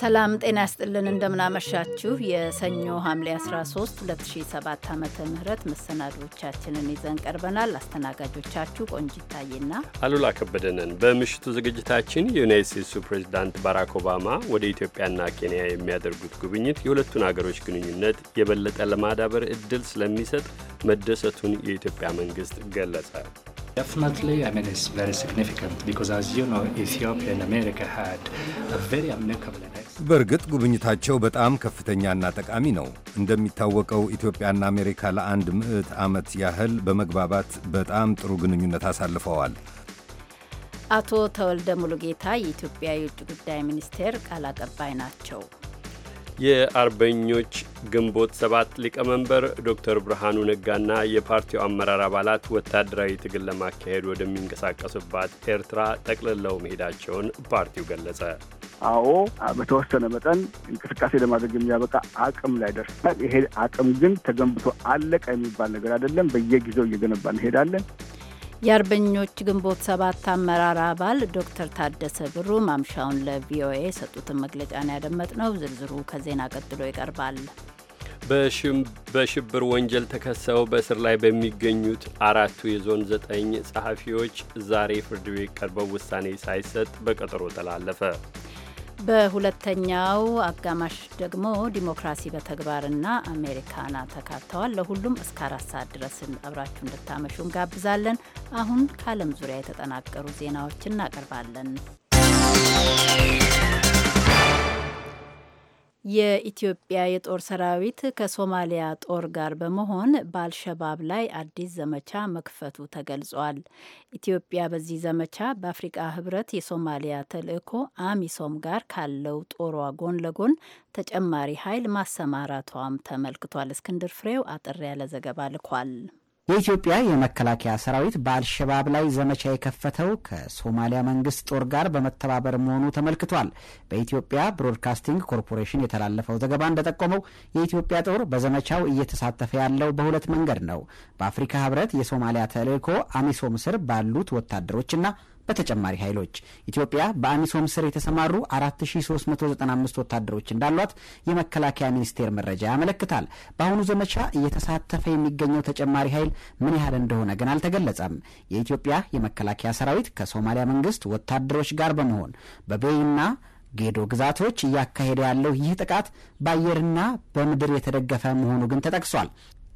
ሰላም ጤና ያስጥልን። እንደምናመሻችሁ የሰኞ ሐምሌ 13 2007 ዓ ም መሰናዶቻችንን ይዘን ቀርበናል። አስተናጋጆቻችሁ ቆንጂት ታዬና አሉላ ከበደንን። በምሽቱ ዝግጅታችን የዩናይት ስቴትሱ ፕሬዚዳንት ባራክ ኦባማ ወደ ኢትዮጵያና ኬንያ የሚያደርጉት ጉብኝት የሁለቱን አገሮች ግንኙነት የበለጠ ለማዳበር እድል ስለሚሰጥ መደሰቱን የኢትዮጵያ መንግስት ገለጸ። Definitely, I mean, it's very significant because as you know, Ethiopia and America had a very amicable በእርግጥ ጉብኝታቸው በጣም ከፍተኛና ጠቃሚ ነው። እንደሚታወቀው ኢትዮጵያና አሜሪካ ለአንድ ምዕት ዓመት ያህል በመግባባት በጣም ጥሩ ግንኙነት አሳልፈዋል። አቶ ተወልደ ሙሉጌታ የኢትዮጵያ የውጭ ጉዳይ ሚኒስቴር ቃል አቀባይ ናቸው። የአርበኞች ግንቦት ሰባት ሊቀመንበር ዶክተር ብርሃኑ ነጋና የፓርቲው አመራር አባላት ወታደራዊ ትግል ለማካሄድ ወደሚንቀሳቀሱባት ኤርትራ ጠቅልለው መሄዳቸውን ፓርቲው ገለጸ። አዎ በተወሰነ መጠን እንቅስቃሴ ለማድረግ የሚያበቃ አቅም ላይ ደርሰናል። ይሄ አቅም ግን ተገንብቶ አለቀ የሚባል ነገር አይደለም። በየጊዜው እየገነባ እንሄዳለን። የአርበኞች ግንቦት ሰባት አመራር አባል ዶክተር ታደሰ ብሩ ማምሻውን ለቪኦኤ የሰጡትን መግለጫ ነው ያደመጥነው። ዝርዝሩ ከዜና ቀጥሎ ይቀርባል። በሽብር ወንጀል ተከሰው በእስር ላይ በሚገኙት አራቱ የዞን ዘጠኝ ጸሐፊዎች ዛሬ ፍርድ ቤት ቀርበው ውሳኔ ሳይሰጥ በቀጠሮ ተላለፈ። በሁለተኛው አጋማሽ ደግሞ ዲሞክራሲ በተግባርና አሜሪካና ተካተዋል። ለሁሉም እስከ አራት ሰዓት ድረስ አብራችሁ እንድታመሹ እንጋብዛለን። አሁን ከዓለም ዙሪያ የተጠናቀሩ ዜናዎችን እናቀርባለን። የኢትዮጵያ የጦር ሰራዊት ከሶማሊያ ጦር ጋር በመሆን በአልሸባብ ላይ አዲስ ዘመቻ መክፈቱ ተገልጿል። ኢትዮጵያ በዚህ ዘመቻ በአፍሪቃ ህብረት የሶማሊያ ተልዕኮ አሚሶም ጋር ካለው ጦሯ ጎን ለጎን ተጨማሪ ኃይል ማሰማራቷም ተመልክቷል። እስክንድር ፍሬው አጠር ያለ ዘገባ ልኳል። የኢትዮጵያ የመከላከያ ሰራዊት በአልሸባብ ላይ ዘመቻ የከፈተው ከሶማሊያ መንግስት ጦር ጋር በመተባበር መሆኑ ተመልክቷል። በኢትዮጵያ ብሮድካስቲንግ ኮርፖሬሽን የተላለፈው ዘገባ እንደጠቆመው የኢትዮጵያ ጦር በዘመቻው እየተሳተፈ ያለው በሁለት መንገድ ነው። በአፍሪካ ህብረት የሶማሊያ ተልእኮ አሚሶም ስር ባሉት ወታደሮችና በተጨማሪ ኃይሎች ኢትዮጵያ በአሚሶም ስር የተሰማሩ 4395 ወታደሮች እንዳሏት የመከላከያ ሚኒስቴር መረጃ ያመለክታል። በአሁኑ ዘመቻ እየተሳተፈ የሚገኘው ተጨማሪ ኃይል ምን ያህል እንደሆነ ግን አልተገለጸም። የኢትዮጵያ የመከላከያ ሰራዊት ከሶማሊያ መንግስት ወታደሮች ጋር በመሆን በቤይና ጌዶ ግዛቶች እያካሄደ ያለው ይህ ጥቃት በአየርና በምድር የተደገፈ መሆኑ ግን ተጠቅሷል።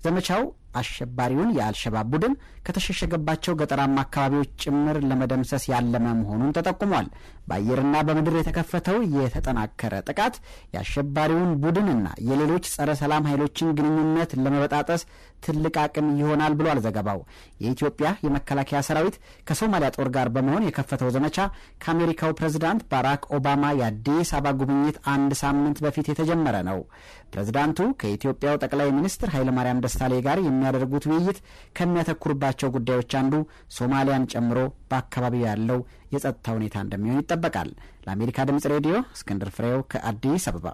ዘመቻው አሸባሪውን የአልሸባብ ቡድን ከተሸሸገባቸው ገጠራማ አካባቢዎች ጭምር ለመደምሰስ ያለመ መሆኑን ተጠቁሟል። በአየርና በምድር የተከፈተው የተጠናከረ ጥቃት የአሸባሪውን ቡድንና የሌሎች ጸረ ሰላም ኃይሎችን ግንኙነት ለመበጣጠስ ትልቅ አቅም ይሆናል ብሏል ዘገባው። የኢትዮጵያ የመከላከያ ሰራዊት ከሶማሊያ ጦር ጋር በመሆን የከፈተው ዘመቻ ከአሜሪካው ፕሬዝዳንት ባራክ ኦባማ የአዲስ አበባ ጉብኝት አንድ ሳምንት በፊት የተጀመረ ነው። ፕሬዝዳንቱ ከኢትዮጵያው ጠቅላይ ሚኒስትር ኃይለማርያም ደስታሌ ጋር የሚያደርጉት ውይይት ከሚያተኩርባቸው ከሚያነሳቸው ጉዳዮች አንዱ ሶማሊያን ጨምሮ በአካባቢው ያለው የጸጥታ ሁኔታ እንደሚሆን ይጠበቃል። ለአሜሪካ ድምጽ ሬዲዮ እስክንድር ፍሬው ከአዲስ አበባ።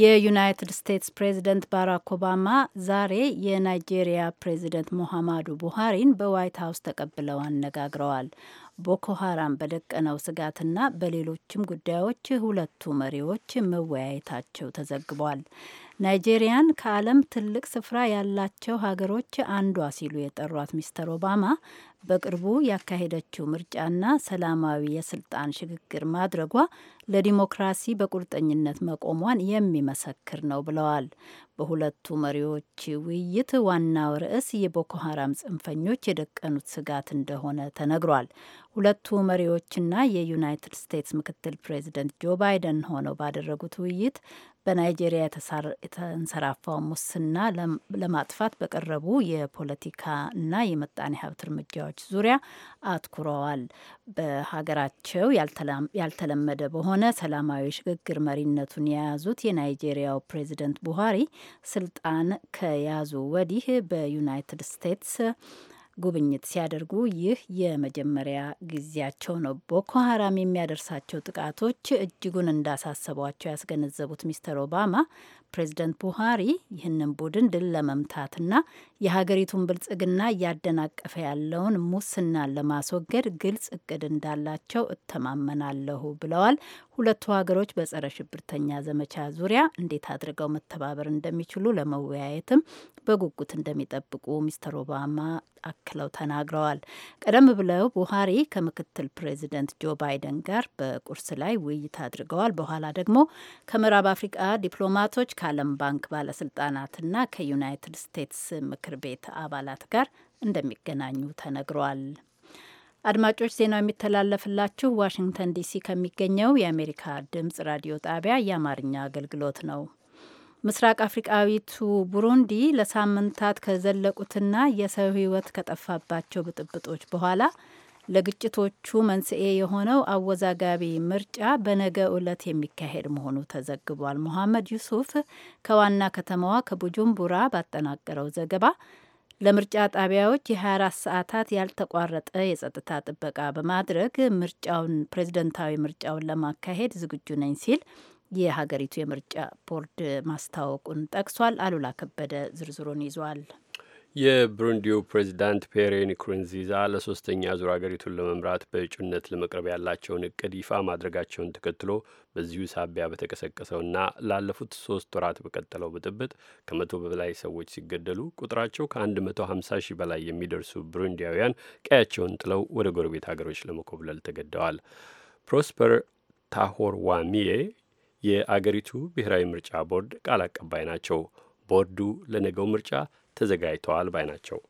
የዩናይትድ ስቴትስ ፕሬዚደንት ባራክ ኦባማ ዛሬ የናይጄሪያ ፕሬዚደንት ሞሐማዱ ቡሃሪን በዋይት ሀውስ ተቀብለው አነጋግረዋል። ቦኮ ሀራም በደቀነው ስጋትና በሌሎችም ጉዳዮች ሁለቱ መሪዎች መወያየታቸው ተዘግቧል። ናይጄሪያን ከዓለም ትልቅ ስፍራ ያላቸው ሀገሮች አንዷ ሲሉ የጠሯት ሚስተር ኦባማ በቅርቡ ያካሄደችው ምርጫና ሰላማዊ የስልጣን ሽግግር ማድረጓ ለዲሞክራሲ በቁርጠኝነት መቆሟን የሚመሰክር ነው ብለዋል። በሁለቱ መሪዎች ውይይት ዋናው ርዕስ የቦኮ ሀራም ጽንፈኞች የደቀኑት ስጋት እንደሆነ ተነግሯል። ሁለቱ መሪዎችና የዩናይትድ ስቴትስ ምክትል ፕሬዚደንት ጆ ባይደን ሆነው ባደረጉት ውይይት በናይጄሪያ የተንሰራፋውን ሙስና ለማጥፋት በቀረቡ የፖለቲካና የመጣኔ ሀብት እርምጃዎች ዙሪያ አትኩረዋል። በሀገራቸው ያልተለመደ በሆነ ሰላማዊ ሽግግር መሪነቱን የያዙት የናይጄሪያው ፕሬዚደንት ቡሃሪ ስልጣን ከያዙ ወዲህ በዩናይትድ ስቴትስ ጉብኝት ሲያደርጉ ይህ የመጀመሪያ ጊዜያቸው ነው። ቦኮ ሀራም የሚያደርሳቸው ጥቃቶች እጅጉን እንዳሳሰቧቸው ያስገነዘቡት ሚስተር ኦባማ ፕሬዚደንት ቡሃሪ ይህንን ቡድን ድል ለመምታትና የሀገሪቱን ብልጽግና እያደናቀፈ ያለውን ሙስናን ለማስወገድ ግልጽ እቅድ እንዳላቸው እተማመናለሁ ብለዋል። ሁለቱ ሀገሮች በጸረ ሽብርተኛ ዘመቻ ዙሪያ እንዴት አድርገው መተባበር እንደሚችሉ ለመወያየትም በጉጉት እንደሚጠብቁ ሚስተር ኦባማ አክለው ተናግረዋል። ቀደም ብለው ቡሃሪ ከምክትል ፕሬዚደንት ጆ ባይደን ጋር በቁርስ ላይ ውይይት አድርገዋል። በኋላ ደግሞ ከምዕራብ አፍሪቃ ዲፕሎማቶች ከዓለም ባንክ ባለስልጣናትና ከዩናይትድ ስቴትስ ምክር ቤት አባላት ጋር እንደሚገናኙ ተነግሯል። አድማጮች ዜናው የሚተላለፍላችሁ ዋሽንግተን ዲሲ ከሚገኘው የአሜሪካ ድምጽ ራዲዮ ጣቢያ የአማርኛ አገልግሎት ነው። ምስራቅ አፍሪቃዊቱ ቡሩንዲ ለሳምንታት ከዘለቁትና የሰው ሕይወት ከጠፋባቸው ብጥብጦች በኋላ ለግጭቶቹ መንስኤ የሆነው አወዛጋቢ ምርጫ በነገ ዕለት የሚካሄድ መሆኑ ተዘግቧል። ሞሐመድ ዩሱፍ ከዋና ከተማዋ ከቡጁምቡራ ባጠናቀረው ዘገባ ለምርጫ ጣቢያዎች የ24 ሰዓታት ያልተቋረጠ የጸጥታ ጥበቃ በማድረግ ምርጫውን ፕሬዝደንታዊ ምርጫውን ለማካሄድ ዝግጁ ነኝ ሲል የሀገሪቱ የምርጫ ቦርድ ማስታወቁን ጠቅሷል። አሉላ ከበደ ዝርዝሩን ይዟል። የብሩንዲው ፕሬዚዳንት ፔሬ ንኩሩንዚዛ ለሶስተኛ ዙር አገሪቱን ለመምራት በእጩነት ለመቅረብ ያላቸውን እቅድ ይፋ ማድረጋቸውን ተከትሎ በዚሁ ሳቢያ በተቀሰቀሰውና ላለፉት ሶስት ወራት በቀጠለው ብጥብጥ ከመቶ በላይ ሰዎች ሲገደሉ ቁጥራቸው ከ150 ሺህ በላይ የሚደርሱ ብሩንዲያውያን ቀያቸውን ጥለው ወደ ጎረቤት ሀገሮች ለመኮብለል ተገደዋል። ፕሮስፐር ታሆር ዋሚዬ የአገሪቱ ብሔራዊ ምርጫ ቦርድ ቃል አቀባይ ናቸው። ቦርዱ ለነገው ምርጫ ተዘጋጅተዋል ባይ ናቸው።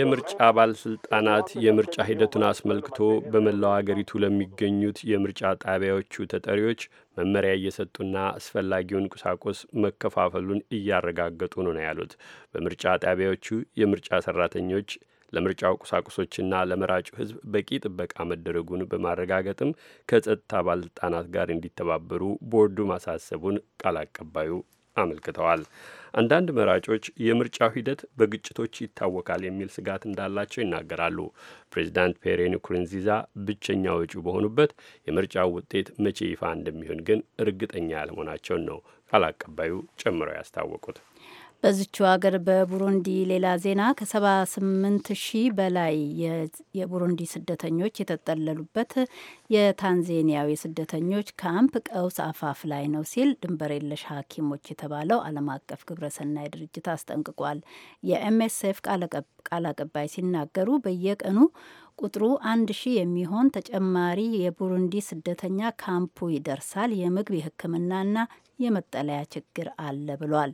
የምርጫ ባለስልጣናት የምርጫ ሂደቱን አስመልክቶ በመላው አገሪቱ ለሚገኙት የምርጫ ጣቢያዎቹ ተጠሪዎች መመሪያ እየሰጡና አስፈላጊውን ቁሳቁስ መከፋፈሉን እያረጋገጡ ነው ነው ያሉት። በምርጫ ጣቢያዎቹ የምርጫ ሰራተኞች ለምርጫው ቁሳቁሶችና ለመራጩ ህዝብ በቂ ጥበቃ መደረጉን በማረጋገጥም ከጸጥታ ባለስልጣናት ጋር እንዲተባበሩ ቦርዱ ማሳሰቡን ቃል አቀባዩ አመልክተዋል። አንዳንድ መራጮች የምርጫው ሂደት በግጭቶች ይታወቃል የሚል ስጋት እንዳላቸው ይናገራሉ። ፕሬዚዳንት ፔሬ ንኩሩንዚዛ ብቸኛ ወጪ በሆኑበት የምርጫው ውጤት መቼ ይፋ እንደሚሆን ግን እርግጠኛ ያለመሆናቸውን ነው ቃል አቀባዩ ጨምረው ያስታወቁት። በዚቹ ሀገር በቡሩንዲ ሌላ ዜና ከ78 ሺህ በላይ የቡሩንዲ ስደተኞች የተጠለሉበት የታንዜኒያው የስደተኞች ካምፕ ቀውስ አፋፍ ላይ ነው ሲል ድንበር የለሽ ሐኪሞች የተባለው ዓለም አቀፍ ግብረሰናይ ድርጅት አስጠንቅቋል። የኤምኤስኤፍ ቃል አቀባይ ሲናገሩ በየቀኑ ቁጥሩ አንድ ሺህ የሚሆን ተጨማሪ የቡሩንዲ ስደተኛ ካምፑ ይደርሳል። የምግብ የሕክምናና የመጠለያ ችግር አለ ብሏል።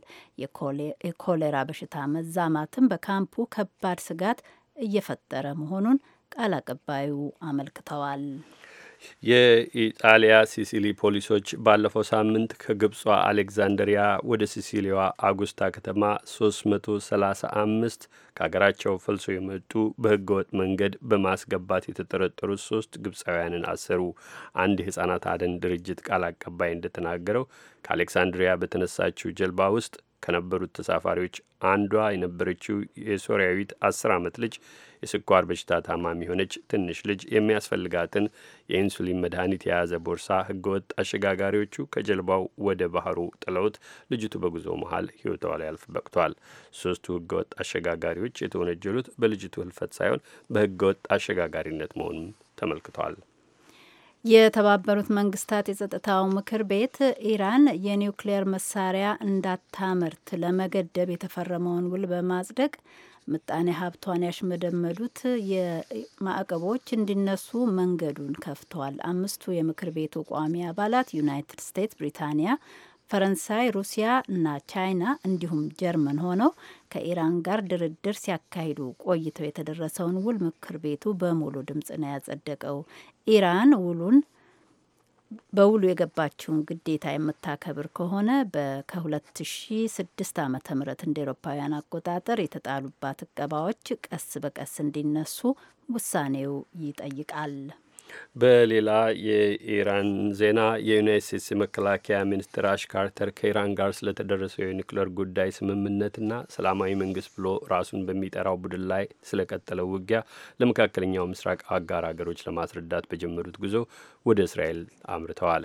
የኮሌራ በሽታ መዛማትም በካምፑ ከባድ ስጋት እየፈጠረ መሆኑን ቃል አቀባዩ አመልክተዋል። የኢጣሊያ ሲሲሊ ፖሊሶች ባለፈው ሳምንት ከግብጿ አሌክዛንድሪያ ወደ ሲሲሊዋ አጉስታ ከተማ 335 ከሀገራቸው ፈልሶ የመጡ በህገወጥ መንገድ በማስገባት የተጠረጠሩ ሶስት ግብፃውያንን አሰሩ። አንድ የህጻናት አደን ድርጅት ቃል አቀባይ እንደተናገረው ከአሌክሳንድሪያ በተነሳችው ጀልባ ውስጥ ከነበሩት ተሳፋሪዎች አንዷ የነበረችው የሶሪያዊት አስር ዓመት ልጅ የስኳር በሽታ ታማሚ የሆነች ትንሽ ልጅ የሚያስፈልጋትን የኢንሱሊን መድኃኒት የያዘ ቦርሳ ህገወጥ አሸጋጋሪዎቹ ከጀልባው ወደ ባህሩ ጥለውት ልጅቱ በጉዞ መሀል ህይወቷ ሊያልፍ በቅቷል። ሶስቱ ህገወጥ አሸጋጋሪዎች የተወነጀሉት በልጅቱ ህልፈት ሳይሆን በህገወጥ አሸጋጋሪነት መሆኑም ተመልክቷል። የተባበሩት መንግስታት የጸጥታው ምክር ቤት ኢራን የኒውክሌር መሳሪያ እንዳታምርት ለመገደብ የተፈረመውን ውል በማጽደቅ ምጣኔ ሀብቷን ያሽመደመዱት ማዕቀቦች እንዲነሱ መንገዱን ከፍተዋል። አምስቱ የምክር ቤቱ ቋሚ አባላት ዩናይትድ ስቴትስ፣ ብሪታንያ ፈረንሳይ፣ ሩሲያ እና ቻይና እንዲሁም ጀርመን ሆነው ከኢራን ጋር ድርድር ሲያካሂዱ ቆይተው የተደረሰውን ውል ምክር ቤቱ በሙሉ ድምፅ ነው ያጸደቀው። ኢራን ውሉን በውሉ የገባችውን ግዴታ የምታከብር ከሆነ ከ2006 ዓ ም እንደ ኤሮፓውያን አቆጣጠር የተጣሉባት እቀባዎች ቀስ በቀስ እንዲነሱ ውሳኔው ይጠይቃል። በሌላ የኢራን ዜና የዩናይት ስቴትስ የመከላከያ ሚኒስትር አሽ ካርተር ከኢራን ጋር ስለተደረሰው የኒውክሌር ጉዳይ ስምምነትና ሰላማዊ መንግስት ብሎ ራሱን በሚጠራው ቡድን ላይ ስለቀጠለው ውጊያ ለመካከለኛው ምስራቅ አጋር ሀገሮች ለማስረዳት በጀመሩት ጉዞ ወደ እስራኤል አምርተዋል።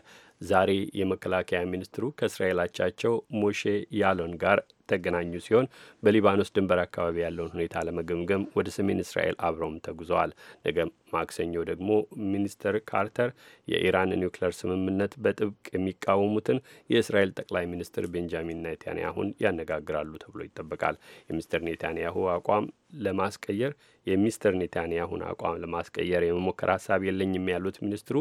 ዛሬ የመከላከያ ሚኒስትሩ ከእስራኤል አቻቸው ሞሼ ያሎን ጋር ተገናኙ ሲሆን በሊባኖስ ድንበር አካባቢ ያለውን ሁኔታ ለመገምገም ወደ ሰሜን እስራኤል አብረውም ተጉዘዋል። ነገ ማክሰኞ ደግሞ ሚኒስተር ካርተር የኢራን ኒውክሌር ስምምነት በጥብቅ የሚቃወሙትን የእስራኤል ጠቅላይ ሚኒስትር ቤንጃሚን ኔታንያሁን ያነጋግራሉ ተብሎ ይጠበቃል። የሚስተር ኔታንያሁ አቋም ለማስቀየር የሚስተር ኔታንያሁን አቋም ለማስቀየር የመሞከር ሀሳብ የለኝም ያሉት ሚኒስትሩ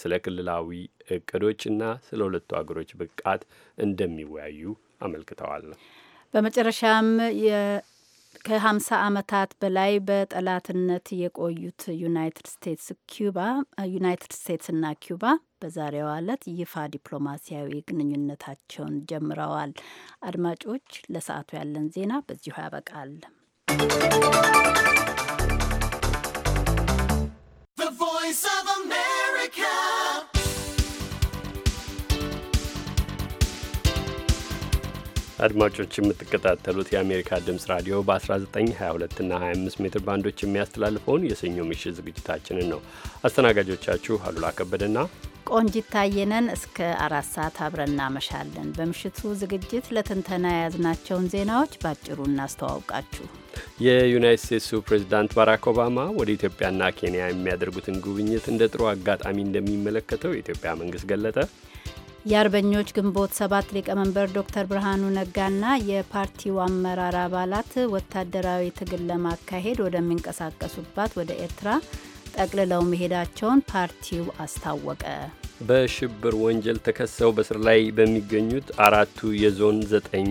ስለ ክልላዊ እቅዶችና ስለ ሁለቱ አገሮች ብቃት እንደሚወያዩ አመልክተዋል። በመጨረሻም ከ አመታት ዓመታት በላይ በጠላትነት የቆዩት ዩናይትድ ስቴትስ ኩባ ዩናይትድ ስቴትስና ኩባ በዛሬዋ ዕለት ይፋ ዲፕሎማሲያዊ ግንኙነታቸውን ጀምረዋል። አድማጮች፣ ለሰዓቱ ያለን ዜና በዚሁ ያበቃል። ቮይስ ኦፍ አሜሪካ አድማጮች የምትከታተሉት የአሜሪካ ድምፅ ራዲዮ በ1922 እና 25 ሜትር ባንዶች የሚያስተላልፈውን የሰኞ ምሽት ዝግጅታችንን ነው። አስተናጋጆቻችሁ አሉላ ከበደና ቆንጂት ታየነን እስከ አራት ሰዓት አብረን እናመሻለን። በምሽቱ ዝግጅት ለትንተና የያዝናቸውን ዜናዎች ባጭሩ እናስተዋውቃችሁ። የዩናይት ስቴትሱ ፕሬዚዳንት ባራክ ኦባማ ወደ ኢትዮጵያና ኬንያ የሚያደርጉትን ጉብኝት እንደ ጥሩ አጋጣሚ እንደሚመለከተው የኢትዮጵያ መንግስት ገለጠ። የአርበኞች ግንቦት ሰባት ሊቀመንበር ዶክተር ብርሃኑ ነጋና የፓርቲው አመራር አባላት ወታደራዊ ትግል ለማካሄድ ወደሚንቀሳቀሱባት ወደ ኤርትራ ጠቅልለው መሄዳቸውን ፓርቲው አስታወቀ። በሽብር ወንጀል ተከሰው በስር ላይ በሚገኙት አራቱ የዞን ዘጠኝ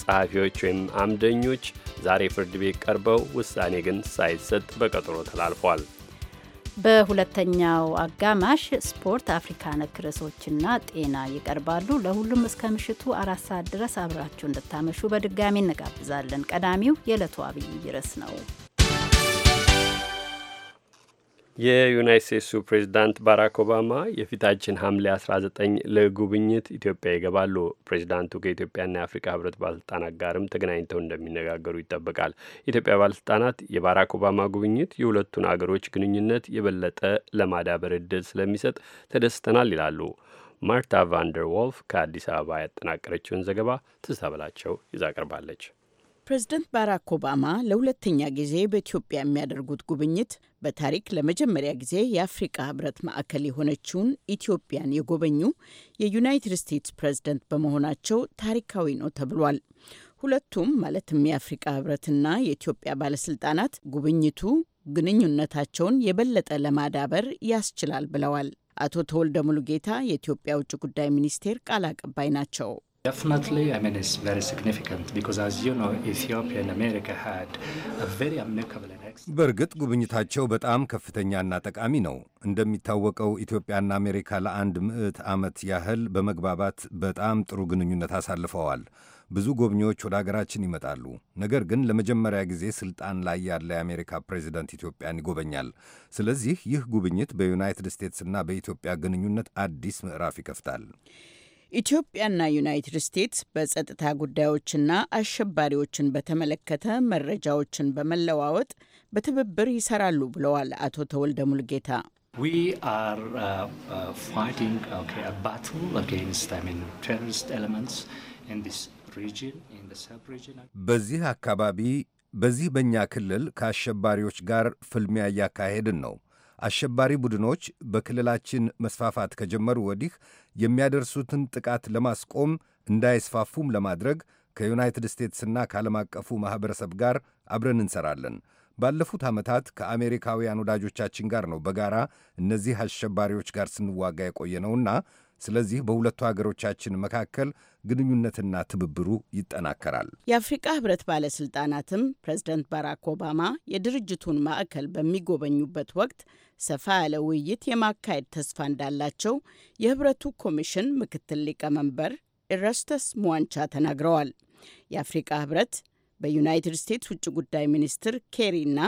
ጸሐፊዎች ወይም አምደኞች ዛሬ ፍርድ ቤት ቀርበው ውሳኔ ግን ሳይሰጥ በቀጠሮ ተላልፏል። በሁለተኛው አጋማሽ ስፖርት፣ አፍሪካ ነክ ርዕሶችና ጤና ይቀርባሉ። ለሁሉም እስከ ምሽቱ አራት ሰዓት ድረስ አብራችሁ እንድታመሹ በድጋሚ እንጋብዛለን። ቀዳሚው የዕለቱ አብይ ርዕስ ነው። የዩናይት ስቴትሱ ፕሬዚዳንት ባራክ ኦባማ የፊታችን ሐምሌ 19 ለጉብኝት ኢትዮጵያ ይገባሉ። ፕሬዚዳንቱ ከኢትዮጵያና የአፍሪካ ህብረት ባለስልጣናት ጋርም ተገናኝተው እንደሚነጋገሩ ይጠበቃል። የኢትዮጵያ ባለስልጣናት የባራክ ኦባማ ጉብኝት የሁለቱን አገሮች ግንኙነት የበለጠ ለማዳበር እድል ስለሚሰጥ ተደስተናል ይላሉ። ማርታ ቫንደር ወልፍ ከአዲስ አበባ ያጠናቀረችውን ዘገባ ትዝታ በላቸው ይዛ ቀርባለች። ፕሬዚደንት ባራክ ኦባማ ለሁለተኛ ጊዜ በኢትዮጵያ የሚያደርጉት ጉብኝት በታሪክ ለመጀመሪያ ጊዜ የአፍሪቃ ህብረት ማዕከል የሆነችውን ኢትዮጵያን የጎበኙ የዩናይትድ ስቴትስ ፕሬዝደንት በመሆናቸው ታሪካዊ ነው ተብሏል። ሁለቱም ማለትም የአፍሪቃ ህብረትና የኢትዮጵያ ባለስልጣናት ጉብኝቱ ግንኙነታቸውን የበለጠ ለማዳበር ያስችላል ብለዋል። አቶ ተወልደ ሙሉጌታ የኢትዮጵያ ውጭ ጉዳይ ሚኒስቴር ቃል አቀባይ ናቸው። Definitely, I mean, it's very significant because as you know, Ethiopia and America had a very amicable በእርግጥ ጉብኝታቸው በጣም ከፍተኛና ጠቃሚ ነው። እንደሚታወቀው ኢትዮጵያና አሜሪካ ለአንድ ምዕት ዓመት ያህል በመግባባት በጣም ጥሩ ግንኙነት አሳልፈዋል። ብዙ ጎብኚዎች ወደ አገራችን ይመጣሉ። ነገር ግን ለመጀመሪያ ጊዜ ስልጣን ላይ ያለ የአሜሪካ ፕሬዚደንት ኢትዮጵያን ይጎበኛል። ስለዚህ ይህ ጉብኝት በዩናይትድ ስቴትስና በኢትዮጵያ ግንኙነት አዲስ ምዕራፍ ይከፍታል። ኢትዮጵያና ዩናይትድ ስቴትስ በጸጥታ ጉዳዮችና አሸባሪዎችን በተመለከተ መረጃዎችን በመለዋወጥ በትብብር ይሰራሉ ብለዋል አቶ ተወልደ ሙልጌታ። uh, uh, በዚህ አካባቢ በዚህ በእኛ ክልል ከአሸባሪዎች ጋር ፍልሚያ እያካሄድን ነው። አሸባሪ ቡድኖች በክልላችን መስፋፋት ከጀመሩ ወዲህ የሚያደርሱትን ጥቃት ለማስቆም እንዳይስፋፉም ለማድረግ ከዩናይትድ ስቴትስና ከዓለም አቀፉ ማኅበረሰብ ጋር አብረን እንሠራለን። ባለፉት ዓመታት ከአሜሪካውያን ወዳጆቻችን ጋር ነው በጋራ እነዚህ አሸባሪዎች ጋር ስንዋጋ የቆየነውና ስለዚህ በሁለቱ ሀገሮቻችን መካከል ግንኙነትና ትብብሩ ይጠናከራል። የአፍሪቃ ህብረት ባለስልጣናትም ፕሬዝደንት ባራክ ኦባማ የድርጅቱን ማዕከል በሚጎበኙበት ወቅት ሰፋ ያለ ውይይት የማካሄድ ተስፋ እንዳላቸው የህብረቱ ኮሚሽን ምክትል ሊቀመንበር ኢረስተስ ሙዋንቻ ተናግረዋል። የአፍሪቃ ህብረት በዩናይትድ ስቴትስ ውጭ ጉዳይ ሚኒስትር ኬሪ እና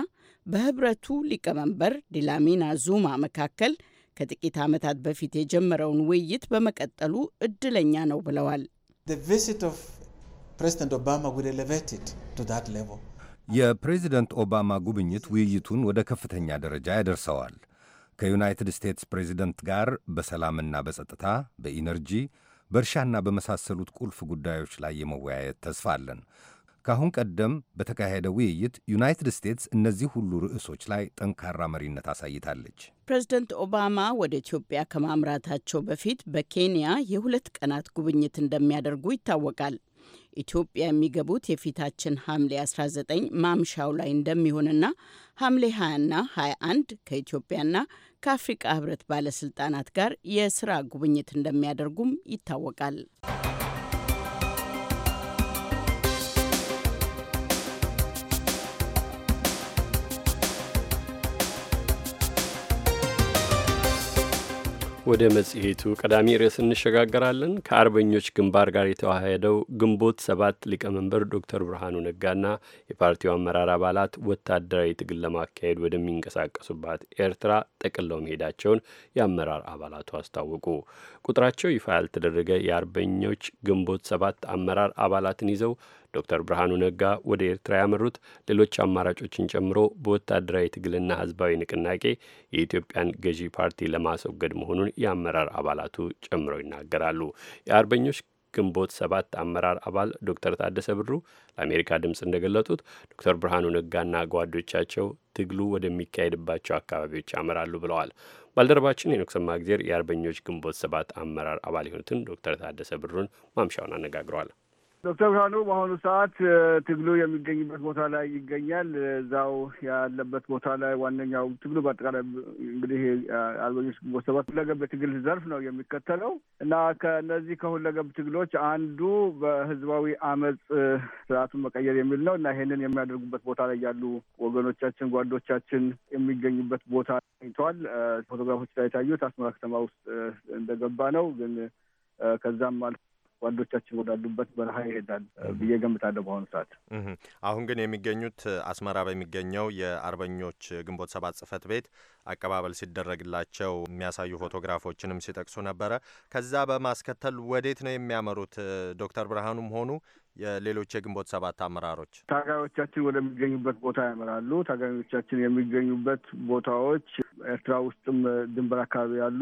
በህብረቱ ሊቀመንበር ዲላሚና ዙማ መካከል ከጥቂት ዓመታት በፊት የጀመረውን ውይይት በመቀጠሉ እድለኛ ነው ብለዋል። የፕሬዚደንት ኦባማ ጉብኝት ውይይቱን ወደ ከፍተኛ ደረጃ ያደርሰዋል። ከዩናይትድ ስቴትስ ፕሬዚደንት ጋር በሰላምና በጸጥታ፣ በኢነርጂ፣ በእርሻና በመሳሰሉት ቁልፍ ጉዳዮች ላይ የመወያየት ተስፋ አለን። ከአሁን ቀደም በተካሄደ ውይይት ዩናይትድ ስቴትስ እነዚህ ሁሉ ርዕሶች ላይ ጠንካራ መሪነት አሳይታለች። ፕሬዝደንት ኦባማ ወደ ኢትዮጵያ ከማምራታቸው በፊት በኬንያ የሁለት ቀናት ጉብኝት እንደሚያደርጉ ይታወቃል። ኢትዮጵያ የሚገቡት የፊታችን ሐምሌ 19 ማምሻው ላይ እንደሚሆንና ሐምሌ 20ና 21 ከኢትዮጵያና ከአፍሪቃ ህብረት ባለስልጣናት ጋር የስራ ጉብኝት እንደሚያደርጉም ይታወቃል። ወደ መጽሔቱ ቀዳሚ ርዕስ እንሸጋገራለን። ከአርበኞች ግንባር ጋር የተዋሄደው ግንቦት ሰባት ሊቀመንበር ዶክተር ብርሃኑ ነጋና የፓርቲው አመራር አባላት ወታደራዊ ትግል ለማካሄድ ወደሚንቀሳቀሱባት ኤርትራ ጠቅለው መሄዳቸውን የአመራር አባላቱ አስታወቁ። ቁጥራቸው ይፋ ያልተደረገ የአርበኞች ግንቦት ሰባት አመራር አባላትን ይዘው ዶክተር ብርሃኑ ነጋ ወደ ኤርትራ ያመሩት ሌሎች አማራጮችን ጨምሮ በወታደራዊ ትግልና ህዝባዊ ንቅናቄ የኢትዮጵያን ገዢ ፓርቲ ለማስወገድ መሆኑን የአመራር አባላቱ ጨምረው ይናገራሉ። የአርበኞች ግንቦት ሰባት አመራር አባል ዶክተር ታደሰ ብሩ ለአሜሪካ ድምፅ እንደገለጡት ዶክተር ብርሃኑ ነጋና ጓዶቻቸው ትግሉ ወደሚካሄድባቸው አካባቢዎች ያመራሉ ብለዋል። ባልደረባችን የኖክ ሰማእግዜር የአርበኞች ግንቦት ሰባት አመራር አባል የሆኑትን ዶክተር ታደሰ ብሩን ማምሻውን አነጋግረዋል። ዶክተር ብርሃኑ በአሁኑ ሰዓት ትግሉ የሚገኝበት ቦታ ላይ ይገኛል። እዛው ያለበት ቦታ ላይ ዋነኛው ትግሉ በአጠቃላይ እንግዲህ አርበኞች ግንቦት ሰባት ሁለገብ የትግል ዘርፍ ነው የሚከተለው እና ከእነዚህ ከሁለገብ ትግሎች አንዱ በህዝባዊ አመፅ ስርዓቱን መቀየር የሚል ነው እና ይሄንን የሚያደርጉበት ቦታ ላይ ያሉ ወገኖቻችን፣ ጓዶቻችን የሚገኙበት ቦታ ይተዋል። ፎቶግራፎች ላይ የታዩት አስመራ ከተማ ውስጥ እንደገባ ነው ግን ከዛም አልፎ ጓዶቻችን ወዳሉበት በረሃ ይሄዳል ብዬ ገምታለሁ። በአሁኑ ሰዓት አሁን ግን የሚገኙት አስመራ በሚገኘው የአርበኞች ግንቦት ሰባት ጽፈት ቤት አቀባበል ሲደረግላቸው የሚያሳዩ ፎቶግራፎችንም ሲጠቅሱ ነበረ። ከዛ በማስከተል ወዴት ነው የሚያመሩት? ዶክተር ብርሃኑም ሆኑ የሌሎች የግንቦት ሰባት አመራሮች ታጋዮቻችን ወደሚገኙበት ቦታ ያመራሉ። ታጋዮቻችን የሚገኙበት ቦታዎች ኤርትራ ውስጥም ድንበር አካባቢ ያሉ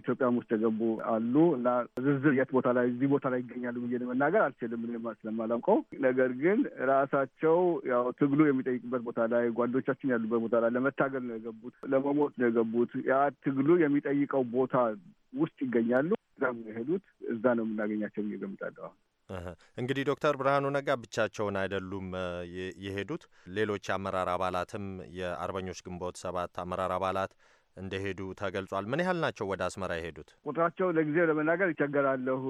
ኢትዮጵያም ውስጥ የገቡ አሉ እና ዝርዝር የት ቦታ ላይ እዚህ ቦታ ላይ ይገኛሉ ብዬ ለመናገር አልችልም ስለማላውቀው። ነገር ግን ራሳቸው ያው ትግሉ የሚጠይቅበት ቦታ ላይ ጓዶቻችን ያሉበት ቦታ ላይ ለመታገል ነው የገቡት፣ ለመሞት ነው የገቡት። ያ ትግሉ የሚጠይቀው ቦታ ውስጥ ይገኛሉ። እዛ ነው የሄዱት። እዛ ነው የምናገኛቸው ብዬ እገምታለሁ። እንግዲህ ዶክተር ብርሃኑ ነጋ ብቻቸውን አይደሉም የሄዱት። ሌሎች የአመራር አባላትም የአርበኞች ግንቦት ሰባት አመራር አባላት እንደሄዱ ተገልጿል። ምን ያህል ናቸው ወደ አስመራ የሄዱት? ቁጥራቸው ለጊዜው ለመናገር ይቸገራለሁ።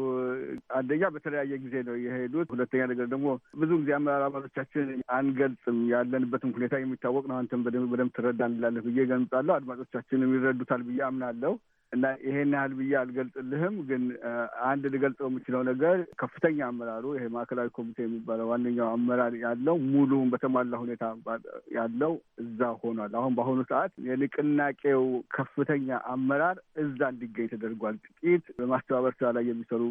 አንደኛ በተለያየ ጊዜ ነው የሄዱት። ሁለተኛ ነገር ደግሞ ብዙ ጊዜ አመራር አባሎቻችን አንገልጽም። ያለንበትም ሁኔታ የሚታወቅ ነው። አንተም በደንብ ትረዳ እንላለን ብዬ ገምጻለሁ። አድማጮቻችንም ይረዱታል ብዬ አምናለሁ። እና ይሄን ያህል ብዬ አልገልጽልህም። ግን አንድ ልገልጸው የምችለው ነገር ከፍተኛ አመራሩ ይሄ ማዕከላዊ ኮሚቴ የሚባለው ዋነኛው አመራር ያለው ሙሉውን በተሟላ ሁኔታ ያለው እዛ ሆኗል። አሁን በአሁኑ ሰዓት የንቅናቄው ከፍተኛ አመራር እዛ እንዲገኝ ተደርጓል። ጥቂት በማስተባበር ስራ ላይ የሚሰሩ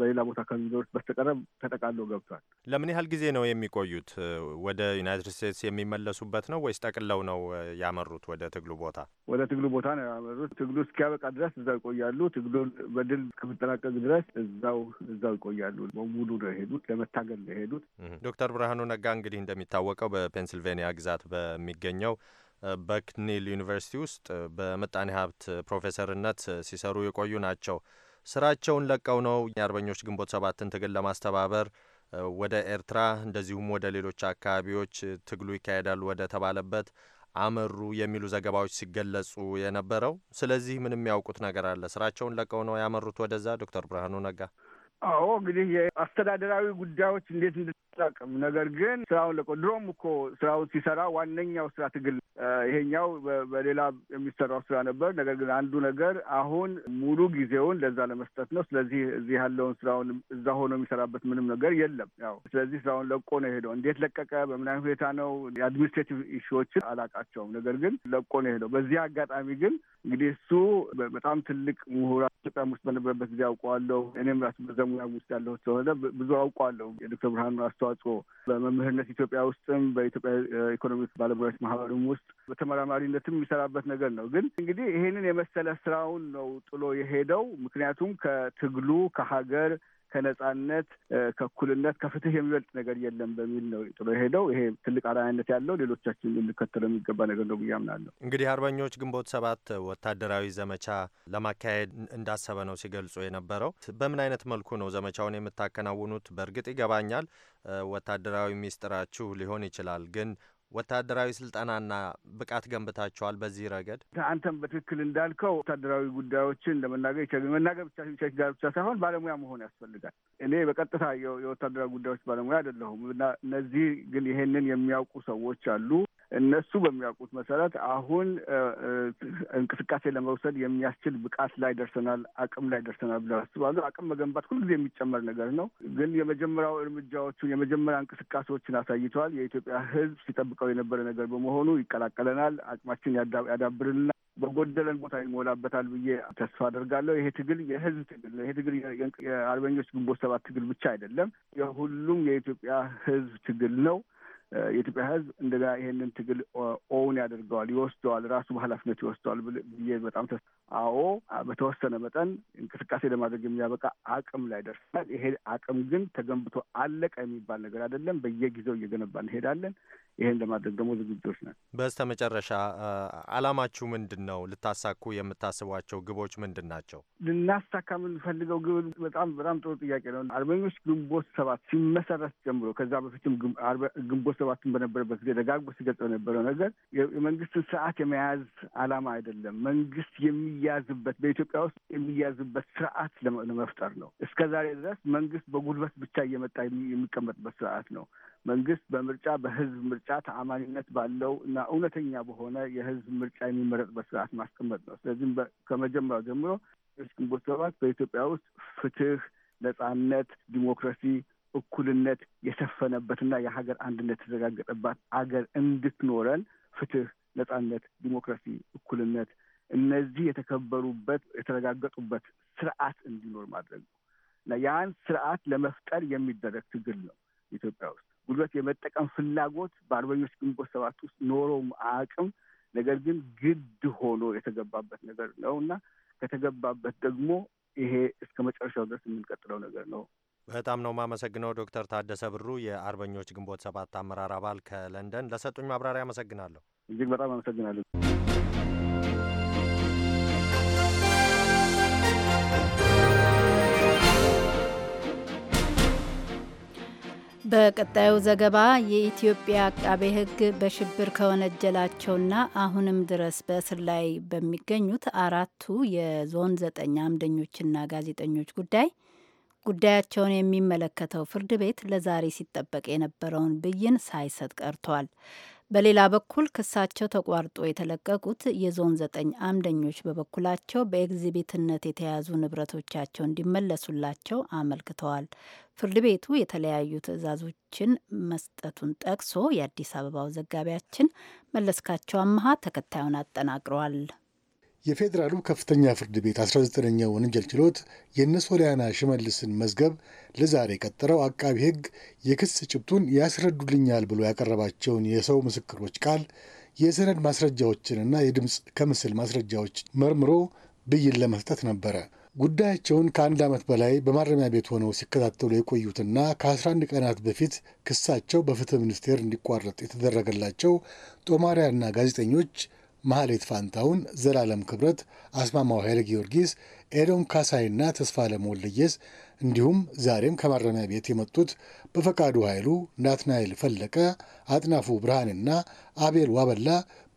በሌላ ቦታ ከሚኖሩት በስተቀረ ተጠቃሎ ገብቷል። ለምን ያህል ጊዜ ነው የሚቆዩት? ወደ ዩናይትድ ስቴትስ የሚመለሱበት ነው ወይስ ጠቅለው ነው ያመሩት? ወደ ትግሉ ቦታ ወደ ትግሉ ቦታ ነው ያመሩት። ትግሉ እስኪያበቃ ድረስ ድረስ እዛው ይቆያሉ። ትግሉን በድል ከመጠናቀቅ ድረስ እዛው እዛው ይቆያሉ። በሙሉ ነው የሄዱት፣ ለመታገል ነው የሄዱት። ዶክተር ብርሃኑ ነጋ እንግዲህ እንደሚታወቀው በፔንስልቬኒያ ግዛት በሚገኘው በክኒል ዩኒቨርሲቲ ውስጥ በምጣኔ ሀብት ፕሮፌሰርነት ሲሰሩ የቆዩ ናቸው። ስራቸውን ለቀው ነው የአርበኞች ግንቦት ሰባትን ትግል ለማስተባበር ወደ ኤርትራ እንደዚሁም ወደ ሌሎች አካባቢዎች ትግሉ ይካሄዳል ወደ ተባለበት አመሩ የሚሉ ዘገባዎች ሲገለጹ የነበረው። ስለዚህ ምን የሚያውቁት ነገር አለ? ስራቸውን ለቀው ነው ያመሩት ወደዛ? ዶክተር ብርሃኑ ነጋ አዎ እንግዲህ የአስተዳደራዊ ጉዳዮች እንዴት አላውቅም። ነገር ግን ስራውን ለቆ ድሮም እኮ ስራውን ሲሰራ ዋነኛው ስራ ትግል፣ ይሄኛው በሌላ የሚሰራው ስራ ነበር። ነገር ግን አንዱ ነገር አሁን ሙሉ ጊዜውን ለዛ ለመስጠት ነው። ስለዚህ እዚህ ያለውን ስራውን እዛ ሆኖ የሚሰራበት ምንም ነገር የለም። ያው ስለዚህ ስራውን ለቆ ነው የሄደው። እንዴት ለቀቀ? በምን አይነት ሁኔታ ነው? የአድሚኒስትሬቲቭ ኢሹዎችን አላውቃቸውም። ነገር ግን ለቆ ነው የሄደው። በዚህ አጋጣሚ ግን እንግዲህ እሱ በጣም ትልቅ ምሁራ ኢትዮጵያ ውስጥ በነበረበት ጊዜ አውቀዋለሁ። እኔም ራሱ በዘሙያ ውስጥ ያለሁት ስለሆነ ብዙ አውቀዋለሁ የዶክተር ብርሃኑ ራሱ አስተዋጽኦ በመምህርነት ኢትዮጵያ ውስጥም በኢትዮጵያ ኢኮኖሚ ባለሙያዎች ማህበርም ውስጥ በተመራማሪነትም የሚሰራበት ነገር ነው። ግን እንግዲህ ይሄንን የመሰለ ስራውን ነው ጥሎ የሄደው። ምክንያቱም ከትግሉ ከሀገር ከነጻነት፣ ከእኩልነት፣ ከፍትህ የሚበልጥ ነገር የለም በሚል ነው ጥሎ የሄደው። ይሄ ትልቅ አርአያነት ያለው ሌሎቻችን ልንከተለው የሚገባ ነገር ነው ብዬ አምናለሁ። እንግዲህ አርበኞች ግንቦት ሰባት ወታደራዊ ዘመቻ ለማካሄድ እንዳሰበ ነው ሲገልጹ የነበረው። በምን አይነት መልኩ ነው ዘመቻውን የምታከናውኑት? በእርግጥ ይገባኛል ወታደራዊ ሚስጥራችሁ ሊሆን ይችላል ግን ወታደራዊ ስልጠናና ብቃት ገንብታቸዋል። በዚህ ረገድ አንተም በትክክል እንዳልከው ወታደራዊ ጉዳዮችን ለመናገር መናገር ብቻ ጋር ብቻ ሳይሆን ባለሙያ መሆን ያስፈልጋል። እኔ በቀጥታ የወታደራዊ ጉዳዮች ባለሙያ አይደለሁም እና እነዚህ ግን ይሄንን የሚያውቁ ሰዎች አሉ። እነሱ በሚያውቁት መሰረት አሁን እንቅስቃሴ ለመውሰድ የሚያስችል ብቃት ላይ ደርሰናል፣ አቅም ላይ ደርሰናል ብለው አስባሉ አቅም መገንባት ሁልጊዜ የሚጨመር ነገር ነው። ግን የመጀመሪያው እርምጃዎቹን የመጀመሪያ እንቅስቃሴዎችን አሳይተዋል። የኢትዮጵያ ሕዝብ ሲጠብቀው የነበረ ነገር በመሆኑ ይቀላቀለናል፣ አቅማችን ያዳብርልናል በጎደለን ቦታ ይሞላበታል ብዬ ተስፋ አደርጋለሁ። ይሄ ትግል የህዝብ ትግል ነው። ይሄ ትግል የአርበኞች ግንቦት ሰባት ትግል ብቻ አይደለም፣ የሁሉም የኢትዮጵያ ህዝብ ትግል ነው። የኢትዮጵያ ህዝብ እንደገና ይሄንን ትግል ኦውን ያደርገዋል፣ ይወስደዋል፣ ራሱ በኃላፊነት ይወስደዋል ብዬ በጣም ተስ አዎ፣ በተወሰነ መጠን እንቅስቃሴ ለማድረግ የሚያበቃ አቅም ላይ ደርሳል። ይሄ አቅም ግን ተገንብቶ አለቀ የሚባል ነገር አይደለም። በየጊዜው እየገነባ እንሄዳለን። ይህን ለማድረግ ደግሞ ዝግጆች ነን። በስተ መጨረሻ አላማችሁ ምንድን ነው? ልታሳኩ የምታስቧቸው ግቦች ምንድን ናቸው? ልናሳካ የምንፈልገው ግብ በጣም በጣም ጥሩ ጥያቄ ነው። አርበኞች ግንቦት ሰባት ሲመሰረት ጀምሮ ከዛ በፊትም ግንቦት ሰባትን በነበረበት ጊዜ ደጋግቦ ሲገጠው የነበረው ነገር የመንግስትን ስርዓት የመያዝ አላማ አይደለም። መንግስት የሚያዝበት በኢትዮጵያ ውስጥ የሚያዝበት ስርዓት ለመፍጠር ነው። እስከ ዛሬ ድረስ መንግስት በጉልበት ብቻ እየመጣ የሚቀመጥበት ስርዓት ነው። መንግስት በምርጫ በህዝብ ምርጫ ተአማኒነት ባለው እና እውነተኛ በሆነ የህዝብ ምርጫ የሚመረጥበት ስርዓት ማስቀመጥ ነው። ስለዚህም ከመጀመሪያው ጀምሮ ግንቦት ሰባት በኢትዮጵያ ውስጥ ፍትህ፣ ነጻነት፣ ዲሞክራሲ፣ እኩልነት የሰፈነበትና የሀገር አንድነት የተረጋገጠባት አገር እንድትኖረን ፍትህ፣ ነጻነት፣ ዲሞክራሲ፣ እኩልነት እነዚህ የተከበሩበት የተረጋገጡበት ስርዓት እንዲኖር ማድረግ ነው እና ያን ስርዓት ለመፍጠር የሚደረግ ትግል ነው ኢትዮጵያ ውስጥ ጉልበት የመጠቀም ፍላጎት በአርበኞች ግንቦት ሰባት ውስጥ ኖሮም አቅም ነገር ግን ግድ ሆኖ የተገባበት ነገር ነው እና ከተገባበት ደግሞ ይሄ እስከ መጨረሻው ድረስ የምንቀጥለው ነገር ነው። በጣም ነው የማመሰግነው ዶክተር ታደሰ ብሩ የአርበኞች ግንቦት ሰባት አመራር አባል ከለንደን ለሰጡኝ ማብራሪያ አመሰግናለሁ። እጅግ በጣም አመሰግናለሁ። በቀጣዩ ዘገባ የኢትዮጵያ አቃቤ ሕግ በሽብር ከወነጀላቸውና አሁንም ድረስ በእስር ላይ በሚገኙት አራቱ የዞን ዘጠኝ አምደኞችና ጋዜጠኞች ጉዳይ ጉዳያቸውን የሚመለከተው ፍርድ ቤት ለዛሬ ሲጠበቅ የነበረውን ብይን ሳይሰጥ ቀርቷል። በሌላ በኩል ክሳቸው ተቋርጦ የተለቀቁት የዞን ዘጠኝ አምደኞች በበኩላቸው በኤግዚቢትነት የተያዙ ንብረቶቻቸው እንዲመለሱላቸው አመልክተዋል። ፍርድ ቤቱ የተለያዩ ትዕዛዞችን መስጠቱን ጠቅሶ የአዲስ አበባው ዘጋቢያችን መለስካቸው አመሀ ተከታዩን አጠናቅሯል። የፌዴራሉ ከፍተኛ ፍርድ ቤት 19ኛ ወንጀል ችሎት የእነ ሶሊያና ሽመልስን መዝገብ ለዛሬ የቀጠረው አቃቢ ሕግ የክስ ጭብጡን ያስረዱልኛል ብሎ ያቀረባቸውን የሰው ምስክሮች ቃል፣ የሰነድ ማስረጃዎችንና የድምፅ ከምስል ማስረጃዎች መርምሮ ብይን ለመስጠት ነበረ። ጉዳያቸውን ከአንድ ዓመት በላይ በማረሚያ ቤት ሆነው ሲከታተሉ የቆዩትና ከ11 ቀናት በፊት ክሳቸው በፍትህ ሚኒስቴር እንዲቋረጥ የተደረገላቸው ጦማሪያና ጋዜጠኞች መሐሌት ፋንታውን ዘላለም ክብረት፣ አስማማው ኃይለ ጊዮርጊስ፣ ኤዶም ካሳይና ተስፋ ለመወለየስ እንዲሁም ዛሬም ከማረሚያ ቤት የመጡት በፈቃዱ ኃይሉ፣ ናትናኤል ፈለቀ፣ አጥናፉ ብርሃንና አቤል ዋበላ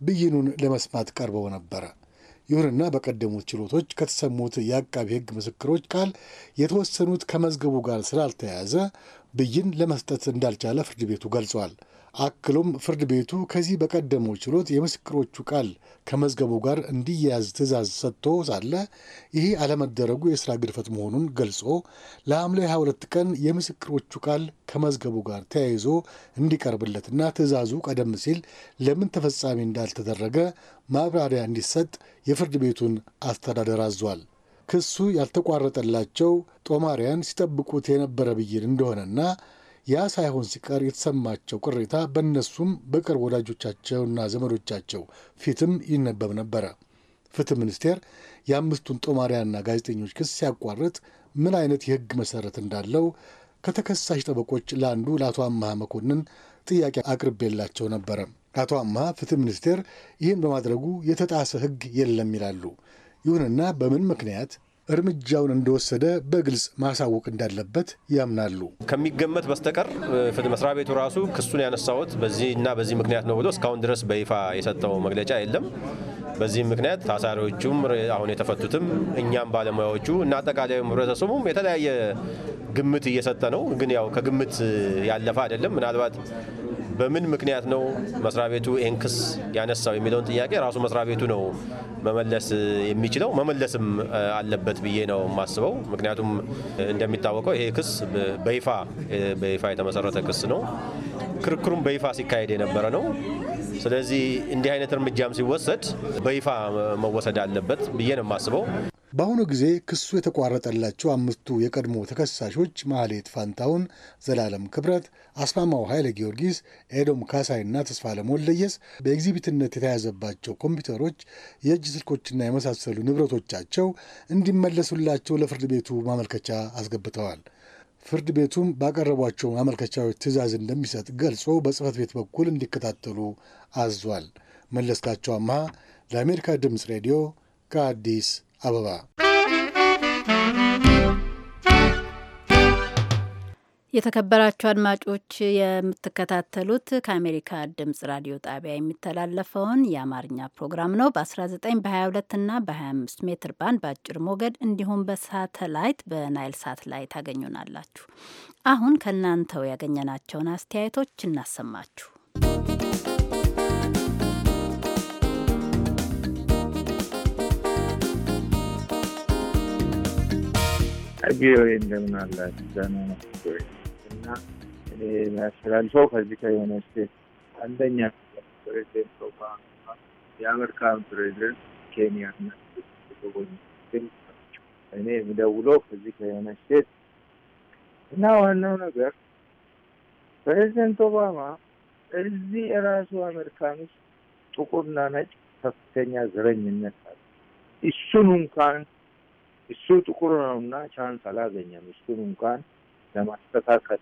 ብይኑን ለመስማት ቀርበው ነበረ። ይሁንና በቀደሙት ችሎቶች ከተሰሙት የአቃቢ ሕግ ምስክሮች ቃል የተወሰኑት ከመዝገቡ ጋር ስላልተያያዘ ብይን ለመስጠት እንዳልቻለ ፍርድ ቤቱ ገልጿል። አክሎም ፍርድ ቤቱ ከዚህ በቀደመው ችሎት የምስክሮቹ ቃል ከመዝገቡ ጋር እንዲያያዝ ትዕዛዝ ሰጥቶ ሳለ ይህ አለመደረጉ የስራ ግድፈት መሆኑን ገልጾ ለሐምሌ 22 ቀን የምስክሮቹ ቃል ከመዝገቡ ጋር ተያይዞ እንዲቀርብለትና ትዕዛዙ ቀደም ሲል ለምን ተፈጻሚ እንዳልተደረገ ማብራሪያ እንዲሰጥ የፍርድ ቤቱን አስተዳደር አዟል። ክሱ ያልተቋረጠላቸው ጦማሪያን ሲጠብቁት የነበረ ብይን እንደሆነና ያ ሳይሆን ሲቀር የተሰማቸው ቅሬታ በእነሱም በቅርብ ወዳጆቻቸውና ዘመዶቻቸው ፊትም ይነበብ ነበረ። ፍትህ ሚኒስቴር የአምስቱን ጦማሪያና ጋዜጠኞች ክስ ሲያቋርጥ ምን አይነት የህግ መሰረት እንዳለው ከተከሳሽ ጠበቆች ለአንዱ ለአቶ አመሀ መኮንን ጥያቄ አቅርቤላቸው ነበረ። አቶ አመሀ ፍትህ ሚኒስቴር ይህን በማድረጉ የተጣሰ ህግ የለም ይላሉ። ይሁንና በምን ምክንያት እርምጃውን እንደወሰደ በግልጽ ማሳወቅ እንዳለበት ያምናሉ። ከሚገመት በስተቀር መስሪያ ቤቱ ራሱ ክሱን ያነሳሁት እና በዚህ ምክንያት ነው ብሎ እስካሁን ድረስ በይፋ የሰጠው መግለጫ የለም። በዚህ ምክንያት ታሳሪዎቹም አሁን የተፈቱትም እኛም ባለሙያዎቹ እና አጠቃላይ ህብረተሰቡም የተለያየ ግምት እየሰጠ ነው። ግን ያው ከግምት ያለፈ አይደለም። ምናልባት በምን ምክንያት ነው መስሪያ ቤቱ ኤንክስ ክስ ያነሳው የሚለውን ጥያቄ ራሱ መስሪያ ቤቱ ነው መመለስ የሚችለው መመለስም አለበት ብዬ ነው የማስበው። ምክንያቱም እንደሚታወቀው ይሄ ክስ በይፋ በይፋ የተመሰረተ ክስ ነው። ክርክሩም በይፋ ሲካሄድ የነበረ ነው። ስለዚህ እንዲህ አይነት እርምጃም ሲወሰድ በይፋ መወሰድ አለበት ብዬ ነው የማስበው። በአሁኑ ጊዜ ክሱ የተቋረጠላቸው አምስቱ የቀድሞ ተከሳሾች ማህሌት ፋንታውን፣ ዘላለም ክብረት፣ አስማማው ኃይለ ጊዮርጊስ፣ ኤዶም ካሳይና ተስፋለም ወልደየስ በኤግዚቢትነት የተያዘባቸው ኮምፒውተሮች፣ የእጅ ስልኮችና የመሳሰሉ ንብረቶቻቸው እንዲመለሱላቸው ለፍርድ ቤቱ ማመልከቻ አስገብተዋል። ፍርድ ቤቱም ባቀረቧቸው ማመልከቻዎች ትዕዛዝ እንደሚሰጥ ገልጾ በጽህፈት ቤት በኩል እንዲከታተሉ አዟል። መለስካቸው አምሃ ለአሜሪካ ድምፅ ሬዲዮ ከአዲስ አበባ። የተከበራችሁ አድማጮች የምትከታተሉት ከአሜሪካ ድምጽ ራዲዮ ጣቢያ የሚተላለፈውን የአማርኛ ፕሮግራም ነው። በ19 በ22 እና በ25 ሜትር ባንድ በአጭር ሞገድ እንዲሁም በሳተላይት በናይል ሳት ላይ ታገኙናላችሁ። አሁን ከእናንተው ያገኘናቸውን አስተያየቶች እናሰማችሁ። ጸጋዬ እንደምን እና አንደኛ ፕሬዚደንት ኦባማ የአሜሪካን ፕሬዚደንት ኬንያ እኔ የምደውለው ከዚህ ከሆነ ስቴት እና ዋናው ነገር ፕሬዚደንት ኦባማ እዚህ የራሱ አሜሪካን ውስጥ ጥቁርና ነጭ ከፍተኛ ዘረኝነት አለ። እሱን እንኳን እሱ ጥቁር ነውና ቻንስ አላገኘም። እሱን እንኳን ለማስተካከል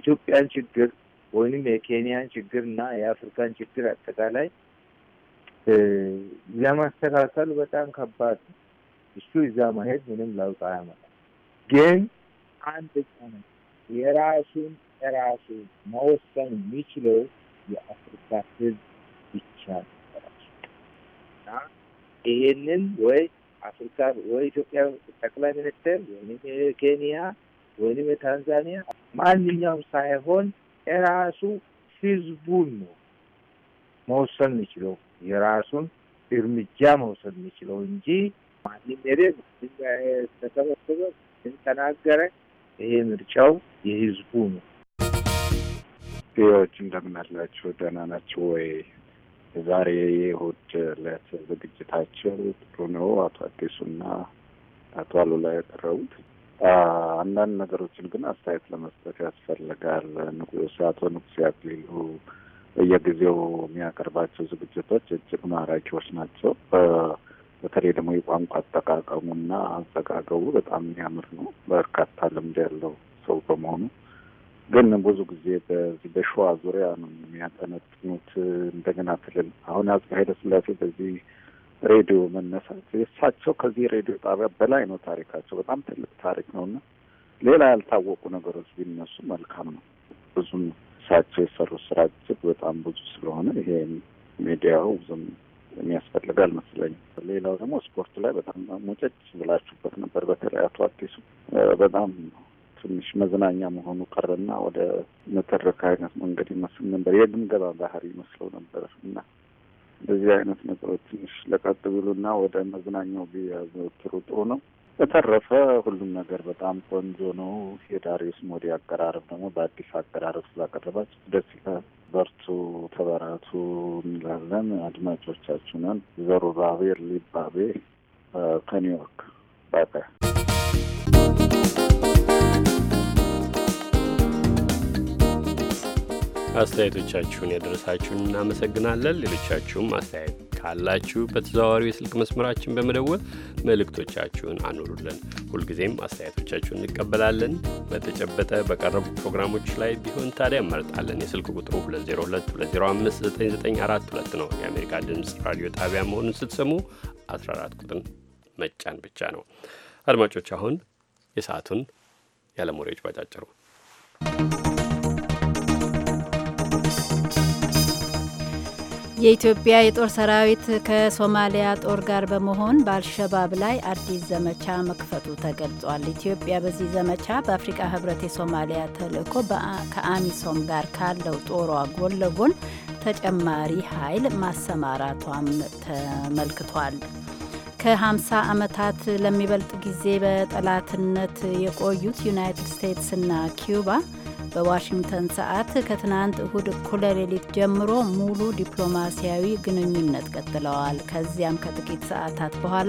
ኢትዮጵያን ችግር ወይንም የኬንያን ችግር እና የአፍሪካን ችግር አጠቃላይ ለማስተካከል በጣም ከባድ ነው። እሱ እዛ መሄድ ምንም ለውጥ አያመጣም። ግን አንድ የራሱን የራሱ መወሰን የሚችለው የአፍሪካ ሕዝብ ብቻ ነው። ይሄንን ወይ አፍሪካ ወይ ኢትዮጵያ ጠቅላይ ሚኒስትር ወይም የኬንያ ወይም የታንዛኒያ ማንኛውም ሳይሆን የራሱ ህዝቡን ነው መወሰን የሚችለው የራሱን እርምጃ መውሰድ የሚችለው እንጂ ማንም ሄደ ተሰበሰበ ተናገረ። ይሄ ምርጫው የህዝቡ ነው። ዎች እንደምናላቸው ደህና ናችሁ ወይ? የዛሬ እሑድ ዕለት ዝግጅታችን ጥሩ ነው። አቶ አዲሱና አቶ አሉላ ያቀረቡት አንዳንድ ነገሮችን ግን አስተያየት ለመስጠት ያስፈልጋል። ንጉስ አቶ ንጉስ ያክሊሉ በየጊዜው የሚያቀርባቸው ዝግጅቶች እጅግ ማራኪዎች ናቸው። በተለይ ደግሞ የቋንቋ አጠቃቀሙና አዘጋገቡ በጣም የሚያምር ነው። በርካታ ልምድ ያለው ሰው በመሆኑ ግን ብዙ ጊዜ በዚህ በሸዋ ዙሪያ ነው የሚያጠነጥኑት። እንደገና ክልል አሁን አጽቀ ኃይለ ሥላሴ በዚህ ሬዲዮ መነሳት የእሳቸው ከዚህ ሬዲዮ ጣቢያ በላይ ነው ታሪካቸው። በጣም ትልቅ ታሪክ ነው እና ሌላ ያልታወቁ ነገሮች ቢነሱ መልካም ነው። ብዙም እሳቸው የሰሩ ስራ እጅግ በጣም ብዙ ስለሆነ ይሄ ሚዲያው ብዙም የሚያስፈልግ አልመስለኝም። ሌላው ደግሞ ስፖርት ላይ በጣም ሙጨጭ ብላችሁበት ነበር። በተለይ አቶ አዲሱ በጣም ትንሽ መዝናኛ መሆኑ ቀረና ወደ መተረክ አይነት መንገድ ይመስል ነበር። የግምገባ ባህሪ ይመስለው ነበር እና እንደዚህ አይነት ነገሮች ትንሽ ለቀጥ ብሉና ወደ መዝናኛው ቢያዘወትሩ ጥሩ ነው። በተረፈ ሁሉም ነገር በጣም ቆንጆ ነው። የዳሪዩስ ሞዲ አቀራረብ ደግሞ በአዲስ አቀራረብ ስላቀረባች ደስ ይላል። በርቱ፣ ተበራቱ እንላለን። አድማጮቻችንን ዘሩባቤ ሊባቤ ከኒውዮርክ ባቀ አስተያየቶቻችሁን ያደረሳችሁን እናመሰግናለን። ሌሎቻችሁም አስተያየት ካላችሁ በተዘዋዋሪው የስልክ መስመራችን በመደወል መልእክቶቻችሁን አኑሩልን። ሁልጊዜም አስተያየቶቻችሁን እንቀበላለን። በተጨበጠ በቀረቡ ፕሮግራሞች ላይ ቢሆን ታዲያ እመርጣለን። የስልክ ቁጥሩ 2022059942 ነው። የአሜሪካ ድምፅ ራዲዮ ጣቢያ መሆኑን ስትሰሙ 14 ቁጥር መጫን ብቻ ነው። አድማጮች አሁን የሰዓቱን ያለሞሪዎች ባጫጭሩ የኢትዮጵያ የጦር ሰራዊት ከሶማሊያ ጦር ጋር በመሆን በአልሸባብ ላይ አዲስ ዘመቻ መክፈቱ ተገልጿል። ኢትዮጵያ በዚህ ዘመቻ በአፍሪካ ህብረት የሶማሊያ ተልዕኮ ከአሚሶም ጋር ካለው ጦሯ ጎን ለጎን ተጨማሪ ኃይል ማሰማራቷም ተመልክቷል። ከ50 ዓመታት ለሚበልጥ ጊዜ በጠላትነት የቆዩት ዩናይትድ እና ኪዩባ በዋሽንግተን ሰዓት ከትናንት እሁድ እኩለ ሌሊት ጀምሮ ሙሉ ዲፕሎማሲያዊ ግንኙነት ቀጥለዋል። ከዚያም ከጥቂት ሰዓታት በኋላ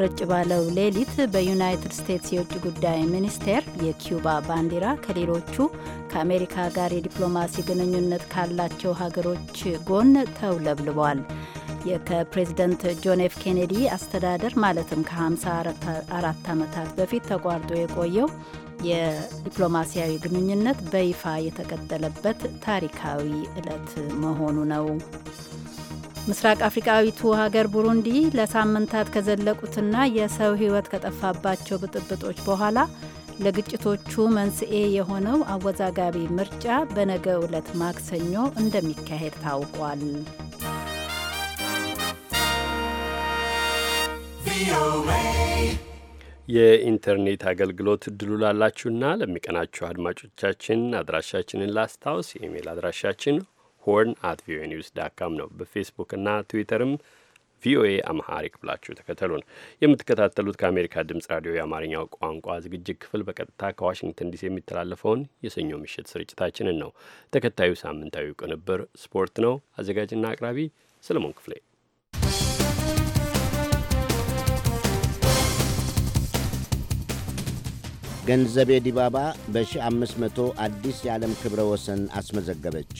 ረጭ ባለው ሌሊት በዩናይትድ ስቴትስ የውጭ ጉዳይ ሚኒስቴር የኪዩባ ባንዲራ ከሌሎቹ ከአሜሪካ ጋር የዲፕሎማሲ ግንኙነት ካላቸው ሀገሮች ጎን ተውለብልቧል። ከፕሬዚደንት ጆን ኤፍ ኬኔዲ አስተዳደር ማለትም ከ54 ዓመታት በፊት ተቋርጦ የቆየው የዲፕሎማሲያዊ ግንኙነት በይፋ የተቀጠለበት ታሪካዊ ዕለት መሆኑ ነው። ምስራቅ አፍሪካዊቱ ሀገር ቡሩንዲ ለሳምንታት ከዘለቁትና የሰው ሕይወት ከጠፋባቸው ብጥብጦች በኋላ ለግጭቶቹ መንስኤ የሆነው አወዛጋቢ ምርጫ በነገ ዕለት ማክሰኞ እንደሚካሄድ ታውቋል። ቪኦኤ የኢንተርኔት አገልግሎት እድሉ ላላችሁና ለሚቀናችሁ አድማጮቻችን አድራሻችንን ላስታውስ። የኢሜይል አድራሻችን ሆርን አት ቪኦኤ ኒውስ ዳት ካም ነው። በፌስቡክና ትዊተርም ቪኦኤ አምሃሪክ ብላችሁ ተከተሉን። የምትከታተሉት ከአሜሪካ ድምጽ ራዲዮ የአማርኛው ቋንቋ ዝግጅት ክፍል በቀጥታ ከዋሽንግተን ዲሲ የሚተላለፈውን የሰኞ ምሽት ስርጭታችንን ነው። ተከታዩ ሳምንታዊ ቅንብር ስፖርት ነው። አዘጋጅና አቅራቢ ሰለሞን ክፍሌ ገንዘቤ ዲባባ በ1500 አዲስ የዓለም ክብረ ወሰን አስመዘገበች።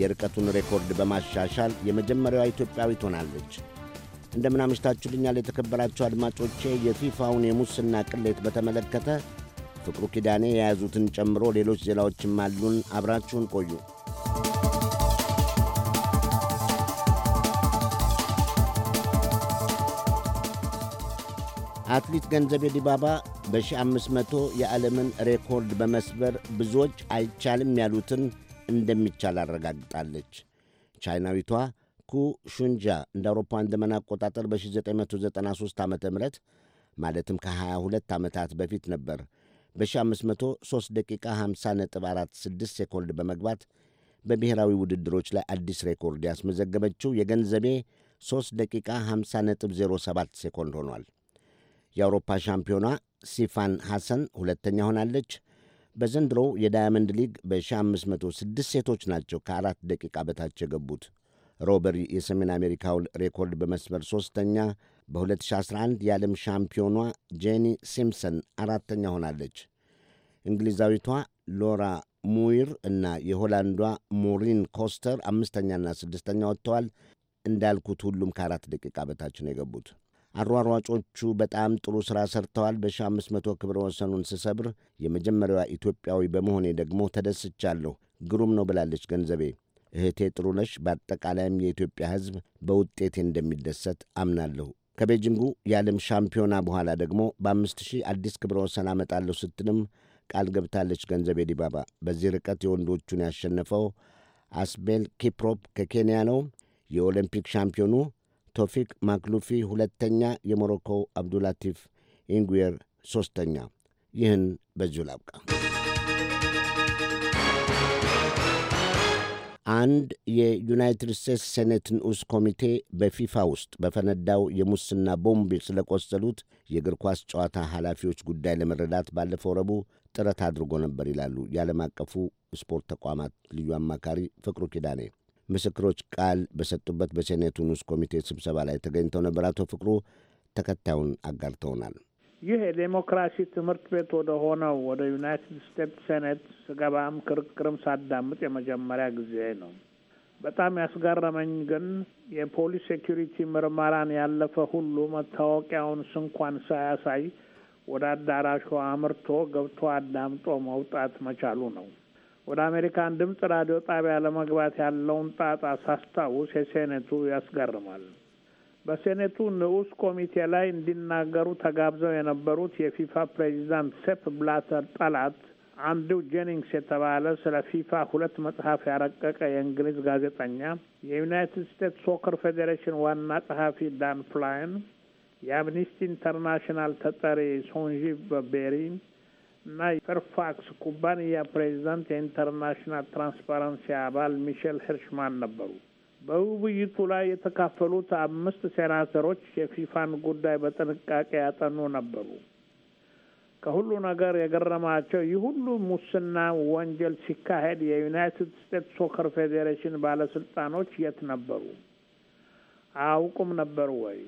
የርቀቱን ሬኮርድ በማሻሻል የመጀመሪያዋ ኢትዮጵያዊት ሆናለች። እንደምን አምሽታችሁልኛል የተከበራችሁ አድማጮቼ። የፊፋውን የሙስና ቅሌት በተመለከተ ፍቅሩ ኪዳኔ የያዙትን ጨምሮ ሌሎች ዜናዎችም አሉን። አብራችሁን ቆዩ። አትሌት ገንዘቤ ዲባባ በ1500 የዓለምን ሬኮርድ በመስበር ብዙዎች አይቻልም ያሉትን እንደሚቻል አረጋግጣለች። ቻይናዊቷ ኩ ሹንጃ እንደ አውሮፓውያን ዘመን አቆጣጠር በ1993 ዓ ም ማለትም ከ22 ዓመታት በፊት ነበር በ1500 3 ደቂቃ 50.46 ሴኮንድ በመግባት በብሔራዊ ውድድሮች ላይ አዲስ ሬኮርድ ያስመዘገበችው የገንዘቤ 3 ደቂቃ 07 ሴኮንድ ሆኗል። የአውሮፓ ሻምፒዮኗ ሲፋን ሐሰን ሁለተኛ ሆናለች። በዘንድሮው የዳያመንድ ሊግ በ1506 ሴቶች ናቸው ከአራት ደቂቃ በታች የገቡት። ሮበሪ የሰሜን አሜሪካውን ሬኮርድ በመስበር ሦስተኛ፣ በ2011 የዓለም ሻምፒዮኗ ጄኒ ሲምፕሰን አራተኛ ሆናለች። እንግሊዛዊቷ ሎራ ሙይር እና የሆላንዷ ሞሪን ኮስተር አምስተኛና ስድስተኛ ወጥተዋል። እንዳልኩት ሁሉም ከአራት ደቂቃ በታች ነው የገቡት። አሯሯጮቹ በጣም ጥሩ ሥራ ሰርተዋል። በ1500 ክብረ ወሰኑን ስሰብር የመጀመሪያዋ ኢትዮጵያዊ በመሆኔ ደግሞ ተደስቻለሁ። ግሩም ነው ብላለች ገንዘቤ። እህቴ ጥሩ ነሽ በአጠቃላይም የኢትዮጵያ ሕዝብ በውጤቴ እንደሚደሰት አምናለሁ። ከቤጂንጉ የዓለም ሻምፒዮና በኋላ ደግሞ በአምስት ሺህ አዲስ ክብረ ወሰን አመጣለሁ ስትልም ቃል ገብታለች ገንዘቤ ዲባባ። በዚህ ርቀት የወንዶቹን ያሸነፈው አስቤል ኪፕሮፕ ከኬንያ ነው። የኦሎምፒክ ሻምፒዮኑ ቶፊክ ማክሉፊ ሁለተኛ፣ የሞሮኮው አብዱላቲፍ ኢንጉየር ሦስተኛ። ይህን በዚሁ ላብቃ። አንድ የዩናይትድ ስቴትስ ሴኔት ንዑስ ኮሚቴ በፊፋ ውስጥ በፈነዳው የሙስና ቦምብ ስለቆሰሉት የእግር ኳስ ጨዋታ ኃላፊዎች ጉዳይ ለመረዳት ባለፈው ረቡዕ ጥረት አድርጎ ነበር ይላሉ የዓለም አቀፉ ስፖርት ተቋማት ልዩ አማካሪ ፍቅሩ ኪዳኔ። ምስክሮች ቃል በሰጡበት በሴኔቱ ንዑስ ኮሚቴ ስብሰባ ላይ ተገኝተው ነበር። አቶ ፍቅሩ ተከታዩን አጋርተውናል። ይህ የዴሞክራሲ ትምህርት ቤት ወደ ሆነው ወደ ዩናይትድ ስቴትስ ሴኔት ስገባም ክርክርም ሳዳምጥ የመጀመሪያ ጊዜ ነው። በጣም ያስገረመኝ ግን የፖሊስ ሴኪሪቲ ምርመራን ያለፈ ሁሉ መታወቂያውን ስንኳን ሳያሳይ ወደ አዳራሹ አምርቶ ገብቶ አዳምጦ መውጣት መቻሉ ነው። ወደ አሜሪካን ድምፅ ራዲዮ ጣቢያ ለመግባት ያለውን ጣጣ ሳስታውስ የሴኔቱ ያስገርማል። በሴኔቱ ንዑስ ኮሚቴ ላይ እንዲናገሩ ተጋብዘው የነበሩት የፊፋ ፕሬዚዳንት ሴፕ ብላተር ጠላት አንድው ጄኒንግስ የተባለ ስለ ፊፋ ሁለት መጽሐፍ ያረቀቀ የእንግሊዝ ጋዜጠኛ፣ የዩናይትድ ስቴትስ ሶከር ፌዴሬሽን ዋና ጸሐፊ ዳን ፍላይን፣ የአምኒስቲ ኢንተርናሽናል ተጠሪ ሶንጂ በቤሪ እና ፌርፋክስ ኩባንያ ፕሬዚዳንት የኢንተርናሽናል ትራንስፓረንሲ አባል ሚሼል ሂርሽማን ነበሩ። በውይይቱ ላይ የተካፈሉት አምስት ሴናተሮች የፊፋን ጉዳይ በጥንቃቄ ያጠኑ ነበሩ። ከሁሉ ነገር የገረማቸው ይህ ሁሉ ሙስና ወንጀል ሲካሄድ የዩናይትድ ስቴትስ ሶከር ፌዴሬሽን ባለስልጣኖች የት ነበሩ? አያውቁም ነበር ወይ?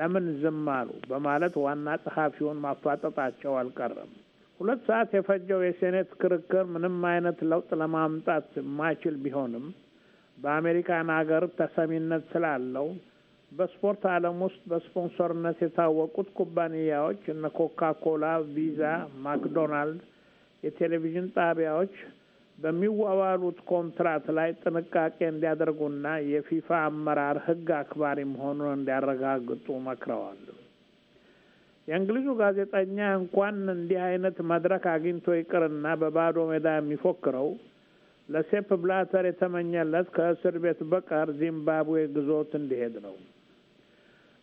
ለምን ዝም አሉ? በማለት ዋና ጸሐፊውን ማፋጠጣቸው አልቀረም። ሁለት ሰዓት የፈጀው የሴኔት ክርክር ምንም አይነት ለውጥ ለማምጣት የማይችል ቢሆንም በአሜሪካን ሀገር ተሰሚነት ስላለው በስፖርት ዓለም ውስጥ በስፖንሰርነት የታወቁት ኩባንያዎች እነ ኮካ ኮላ፣ ቪዛ፣ ማክዶናልድ፣ የቴሌቪዥን ጣቢያዎች በሚዋዋሉት ኮንትራት ላይ ጥንቃቄ እንዲያደርጉና የፊፋ አመራር ሕግ አክባሪ መሆኑን እንዲያረጋግጡ መክረዋል። የእንግሊዙ ጋዜጠኛ እንኳን እንዲህ አይነት መድረክ አግኝቶ ይቅርና በባዶ ሜዳ የሚፎክረው ለሴፕ ብላተር የተመኘለት ከእስር ቤት በቀር ዚምባብዌ ግዞት እንዲሄድ ነው።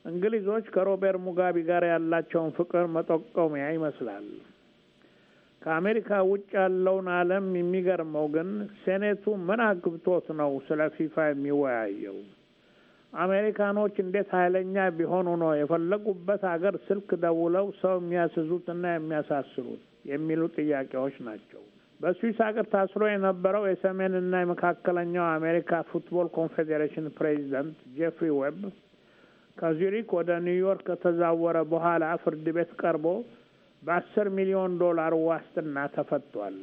እንግሊዞች ከሮቤርት ሙጋቢ ጋር ያላቸውን ፍቅር መጠቆሚያ ይመስላል። ከአሜሪካ ውጭ ያለውን ዓለም የሚገርመው ግን ሴኔቱ ምን አግብቶት ነው ስለ ፊፋ የሚወያየው? አሜሪካኖች እንዴት ኃይለኛ ቢሆኑ ነው የፈለጉበት ሀገር ስልክ ደውለው ሰው የሚያስዙትና የሚያሳስሩት የሚሉ ጥያቄዎች ናቸው። በስዊስ ሀገር ታስሮ የነበረው የሰሜንና የመካከለኛው አሜሪካ ፉትቦል ኮንፌዴሬሽን ፕሬዚደንት ጄፍሪ ዌብ ከዙሪክ ወደ ኒውዮርክ ከተዛወረ በኋላ ፍርድ ቤት ቀርቦ በአስር ሚሊዮን ዶላር ዋስትና ተፈቷል።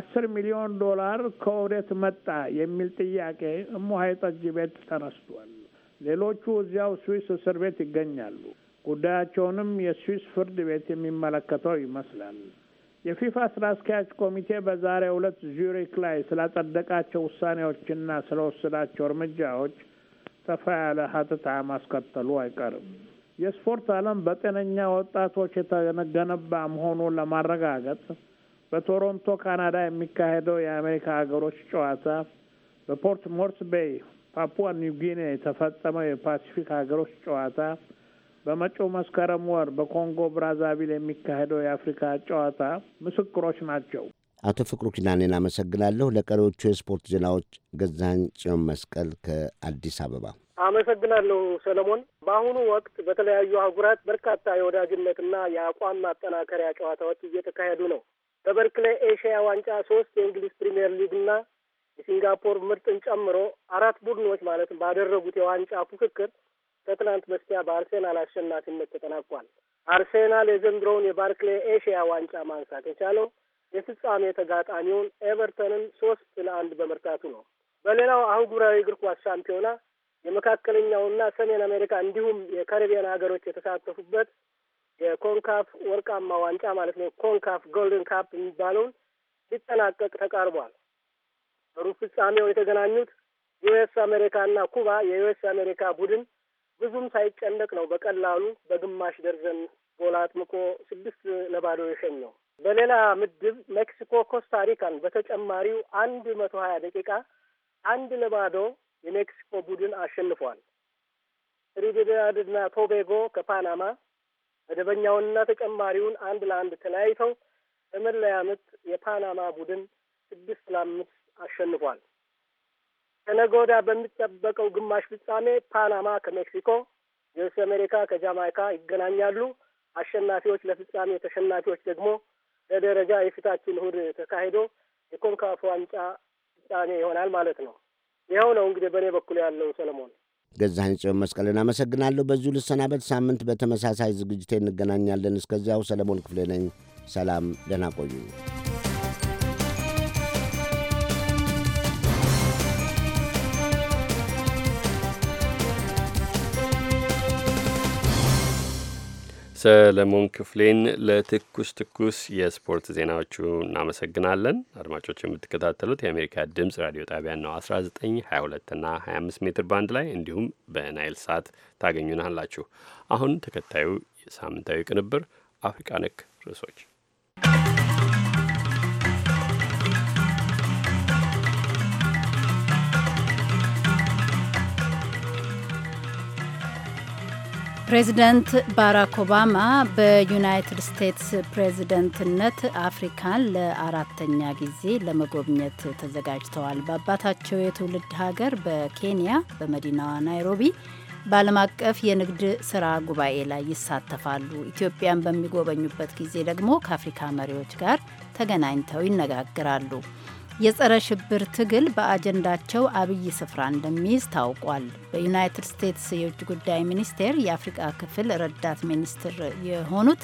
አስር ሚሊዮን ዶላር ከወዴት መጣ የሚል ጥያቄ እሞ ሀይጠጅ ቤት ተነስቷል። ሌሎቹ እዚያው ስዊስ እስር ቤት ይገኛሉ። ጉዳያቸውንም የስዊስ ፍርድ ቤት የሚመለከተው ይመስላል። የፊፋ ስራ አስኪያጅ ኮሚቴ በዛሬ ሁለት ዙሪክ ላይ ስላጸደቃቸው ውሳኔዎችና ስለወሰዳቸው እርምጃዎች ሰፋ ያለ ሀተታ ማስከተሉ አይቀርም። የስፖርት ዓለም በጤነኛ ወጣቶች የተገነባ መሆኑን ለማረጋገጥ በቶሮንቶ ካናዳ የሚካሄደው የአሜሪካ ሀገሮች ጨዋታ በፖርት ቤይ ፓፑዋ ኒው የተፈጸመው የፓሲፊክ ሀገሮች ጨዋታ በመጪው መስከረም ወር በኮንጎ ብራዛቪል የሚካሄደው የአፍሪካ ጨዋታ ምስክሮች ናቸው። አቶ ፍቅሩ ኪዳኔን አመሰግናለሁ። ለቀሪዎቹ የስፖርት ዜናዎች ገዛኝ ጽዮን መስቀል ከአዲስ አበባ አመሰግናለሁ ሰለሞን። በአሁኑ ወቅት በተለያዩ አህጉራት በርካታ የወዳጅነትና የአቋም ማጠናከሪያ ጨዋታዎች እየተካሄዱ ነው። በበርክሌ ኤሽያ ዋንጫ ሶስት የእንግሊዝ ፕሪምየር ሊግና የሲንጋፖር ምርጥን ጨምሮ አራት ቡድኖች ማለትም ባደረጉት የዋንጫ ፉክክር ከትናንት በስቲያ በአርሴናል አሸናፊነት ተጠናቋል። አርሴናል የዘንድሮውን የባርክሌ ኤሽያ ዋንጫ ማንሳት የቻለው የፍጻሜ ተጋጣሚውን ኤቨርተንን ሶስት ለአንድ በመርታቱ ነው። በሌላው አህጉራዊ እግር ኳስ ሻምፒዮና የመካከለኛውና ሰሜን አሜሪካ እንዲሁም የካሪቢያን ሀገሮች የተሳተፉበት የኮንካፍ ወርቃማ ዋንጫ ማለት ነው ኮንካፍ ጎልደን ካፕ የሚባለውን ሊጠናቀቅ ተቃርቧል። በሩብ ፍጻሜው የተገናኙት ዩኤስ አሜሪካና ኩባ የዩኤስ አሜሪካ ቡድን ብዙም ሳይጨነቅ ነው በቀላሉ በግማሽ ደርዘን ጎል አጥምቆ ስድስት ለባዶ የሸኘው። በሌላ ምድብ ሜክሲኮ ኮስታሪካን በተጨማሪው አንድ መቶ ሀያ ደቂቃ አንድ ለባዶ የሜክሲኮ ቡድን አሸንፏል። ትሪኒዳድና ቶቤጎ ከፓናማ መደበኛውንና ተጨማሪውን አንድ ለአንድ ተለያይተው በመለያ ምት የፓናማ ቡድን ስድስት ለአምስት አሸንፏል። ከነገ ወዲያ በሚጠበቀው ግማሽ ፍጻሜ ፓናማ ከሜክሲኮ፣ ዩኤስ አሜሪካ ከጃማይካ ይገናኛሉ። አሸናፊዎች ለፍጻሜ ተሸናፊዎች ደግሞ ለደረጃ የፊታችን እሁድ ተካሂዶ የኮንካፍ ዋንጫ ፍጻሜ ይሆናል ማለት ነው። ይኸው ነው እንግዲህ በእኔ በኩል ያለው ሰለሞን ገዛኸኝ ጽዮን መስቀልን አመሰግናለሁ። በዚሁ ልሰናበት። ሳምንት በተመሳሳይ ዝግጅቴ እንገናኛለን። እስከዚያው ሰለሞን ክፍሌ ነኝ። ሰላም፣ ደህና ቆዩ። ሰለሞን ክፍሌን ለትኩስ ትኩስ የስፖርት ዜናዎቹ እናመሰግናለን። አድማጮች የምትከታተሉት የአሜሪካ ድምጽ ራዲዮ ጣቢያን ነው። 19፣ 22 እና 25 ሜትር ባንድ ላይ እንዲሁም በናይል ሳት ታገኙናላችሁ። አሁን ተከታዩ የሳምንታዊ ቅንብር አፍሪቃ ነክ ርዕሶች ፕሬዚደንት ባራክ ኦባማ በዩናይትድ ስቴትስ ፕሬዚደንትነት አፍሪካን ለአራተኛ ጊዜ ለመጎብኘት ተዘጋጅተዋል። በአባታቸው የትውልድ ሀገር በኬንያ በመዲናዋ ናይሮቢ በዓለም አቀፍ የንግድ ስራ ጉባኤ ላይ ይሳተፋሉ። ኢትዮጵያን በሚጎበኙበት ጊዜ ደግሞ ከአፍሪካ መሪዎች ጋር ተገናኝተው ይነጋግራሉ። የጸረ ሽብር ትግል በአጀንዳቸው አብይ ስፍራ እንደሚይዝ ታውቋል። በዩናይትድ ስቴትስ የውጭ ጉዳይ ሚኒስቴር የአፍሪቃ ክፍል ረዳት ሚኒስትር የሆኑት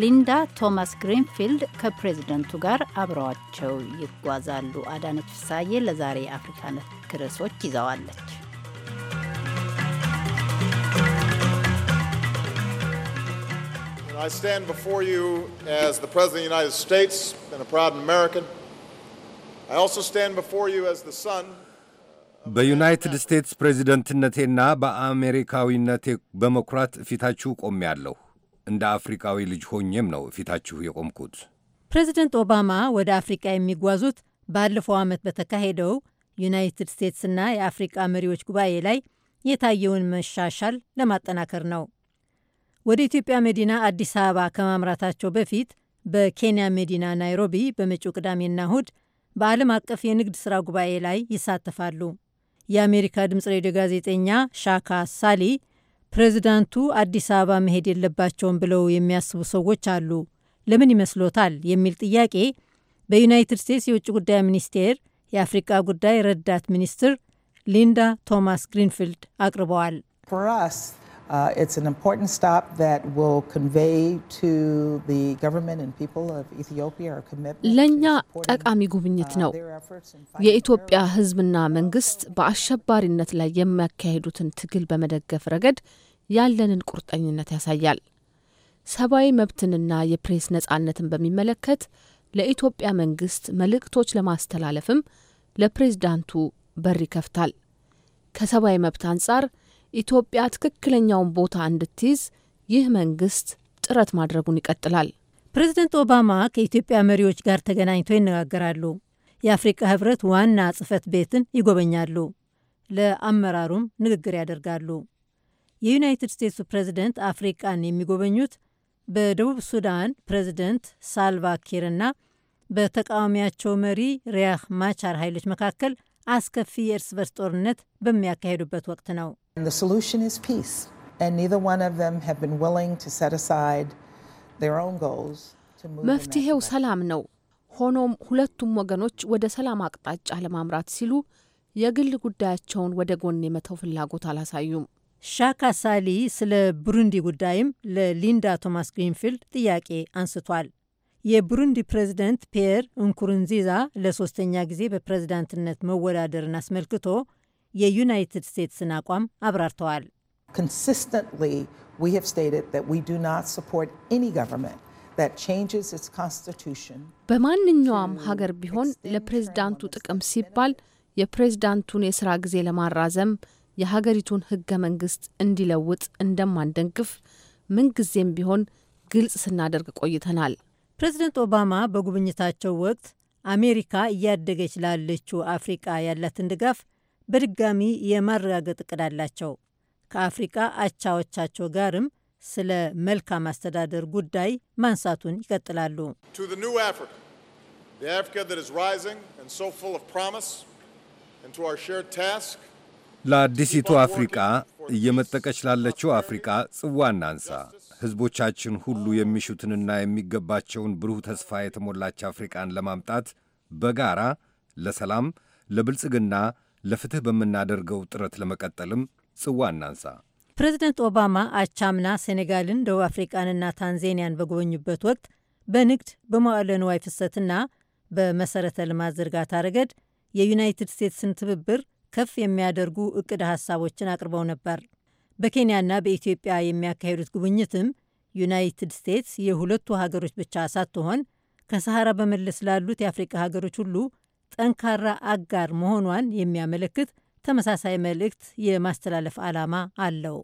ሊንዳ ቶማስ ግሪንፊልድ ከፕሬዚደንቱ ጋር አብረዋቸው ይጓዛሉ። አዳነች ፍሳዬ ለዛሬ የአፍሪካ ነክ ርዕሶች ይዘዋለች። I stand before you as the President of the United States and a proud American. በዩናይትድ ስቴትስ ፕሬዚደንትነቴና በአሜሪካዊነቴ በመኩራት ፊታችሁ ቆሜያለሁ። እንደ አፍሪካዊ ልጅ ሆኜም ነው ፊታችሁ የቆምኩት። ፕሬዚደንት ኦባማ ወደ አፍሪቃ የሚጓዙት ባለፈው ዓመት በተካሄደው ዩናይትድ ስቴትስና የአፍሪቃ መሪዎች ጉባኤ ላይ የታየውን መሻሻል ለማጠናከር ነው። ወደ ኢትዮጵያ መዲና አዲስ አበባ ከማምራታቸው በፊት በኬንያ መዲና ናይሮቢ በመጪው ቅዳሜና እሁድ በዓለም አቀፍ የንግድ ሥራ ጉባኤ ላይ ይሳተፋሉ። የአሜሪካ ድምፅ ሬዲዮ ጋዜጠኛ ሻካ ሳሊ ፕሬዚዳንቱ አዲስ አበባ መሄድ የለባቸውም ብለው የሚያስቡ ሰዎች አሉ፣ ለምን ይመስሎታል? የሚል ጥያቄ በዩናይትድ ስቴትስ የውጭ ጉዳይ ሚኒስቴር የአፍሪቃ ጉዳይ ረዳት ሚኒስትር ሊንዳ ቶማስ ግሪንፊልድ አቅርበዋል። Uh, it's an important stop that will convey to the government and people of Ethiopia our commitment. ለኛ ጠቃሚ ጉብኝት ነው። uh, የኢትዮጵያ ሕዝብና መንግስት በአሸባሪነት ላይ የሚያካሄዱትን ትግል በመደገፍ ረገድ ያለንን ቁርጠኝነት ያሳያል። ሰብአዊ መብትንና የፕሬስ ነጻነትን በሚመለከት ለኢትዮጵያ መንግስት መልእክቶች ለማስተላለፍም ለፕሬዝዳንቱ በር ይከፍታል። ከሰብአዊ መብት አንጻር ኢትዮጵያ ትክክለኛውን ቦታ እንድትይዝ ይህ መንግስት ጥረት ማድረጉን ይቀጥላል። ፕሬዚደንት ኦባማ ከኢትዮጵያ መሪዎች ጋር ተገናኝተው ይነጋገራሉ። የአፍሪካ ህብረት ዋና ጽህፈት ቤትን ይጎበኛሉ። ለአመራሩም ንግግር ያደርጋሉ። የዩናይትድ ስቴትሱ ፕሬዚደንት አፍሪቃን የሚጎበኙት በደቡብ ሱዳን ፕሬዚደንት ሳልቫኪርና በተቃዋሚያቸው መሪ ሪያህ ማቻር ኃይሎች መካከል አስከፊ የእርስ በርስ ጦርነት በሚያካሄዱበት ወቅት ነው። መፍትሄው ሰላም ነው። ሆኖም ሁለቱም ወገኖች ወደ ሰላም አቅጣጫ ለማምራት ሲሉ የግል ጉዳያቸውን ወደ ጎን የመተው ፍላጎት አላሳዩም። ሻካ ሳሊ ስለ ብሩንዲ ጉዳይም ለሊንዳ ቶማስ ግሪንፊልድ ጥያቄ አንስቷል። የቡሩንዲ ፕሬዚደንት ፒየር እንኩሩንዚዛ ለሶስተኛ ጊዜ በፕሬዝዳንትነት መወዳደርን አስመልክቶ የዩናይትድ ስቴትስን አቋም አብራርተዋል። በማንኛውም ሀገር ቢሆን ለፕሬዝዳንቱ ጥቅም ሲባል የፕሬዝዳንቱን የስራ ጊዜ ለማራዘም የሀገሪቱን ህገ መንግስት እንዲለውጥ እንደማንደግፍ ምንጊዜም ቢሆን ግልጽ ስናደርግ ቆይተናል። ፕሬዚደንት ኦባማ በጉብኝታቸው ወቅት አሜሪካ እያደገች ላለችው አፍሪቃ ያላትን ድጋፍ በድጋሚ የማረጋገጥ እቅድ አላቸው። ከአፍሪቃ አቻዎቻቸው ጋርም ስለ መልካም አስተዳደር ጉዳይ ማንሳቱን ይቀጥላሉ። ለአዲሲቱ አፍሪቃ እየመጠቀች ላለችው አፍሪቃ ጽዋ እናንሳ። ሕዝቦቻችን ሁሉ የሚሹትንና የሚገባቸውን ብሩህ ተስፋ የተሞላች አፍሪቃን ለማምጣት በጋራ ለሰላም፣ ለብልጽግና፣ ለፍትሕ በምናደርገው ጥረት ለመቀጠልም ጽዋ እናንሳ። ፕሬዚደንት ኦባማ አቻምና ሴኔጋልን፣ ደቡብ አፍሪቃንና ታንዜኒያን በጎበኙበት ወቅት በንግድ በመዋዕለ ንዋይ ፍሰትና በመሠረተ ልማት ዝርጋታ ረገድ የዩናይትድ ስቴትስን ትብብር ከፍ የሚያደርጉ እቅድ ሐሳቦችን አቅርበው ነበር። በኬንያና በኢትዮጵያ የሚያካሂዱት ጉብኝትም ዩናይትድ ስቴትስ የሁለቱ ሀገሮች ብቻ ሳትሆን ከሰሃራ በመለስ ላሉት የአፍሪካ ሀገሮች ሁሉ ጠንካራ አጋር መሆኗን የሚያመለክት ተመሳሳይ መልእክት የማስተላለፍ ዓላማ አለው።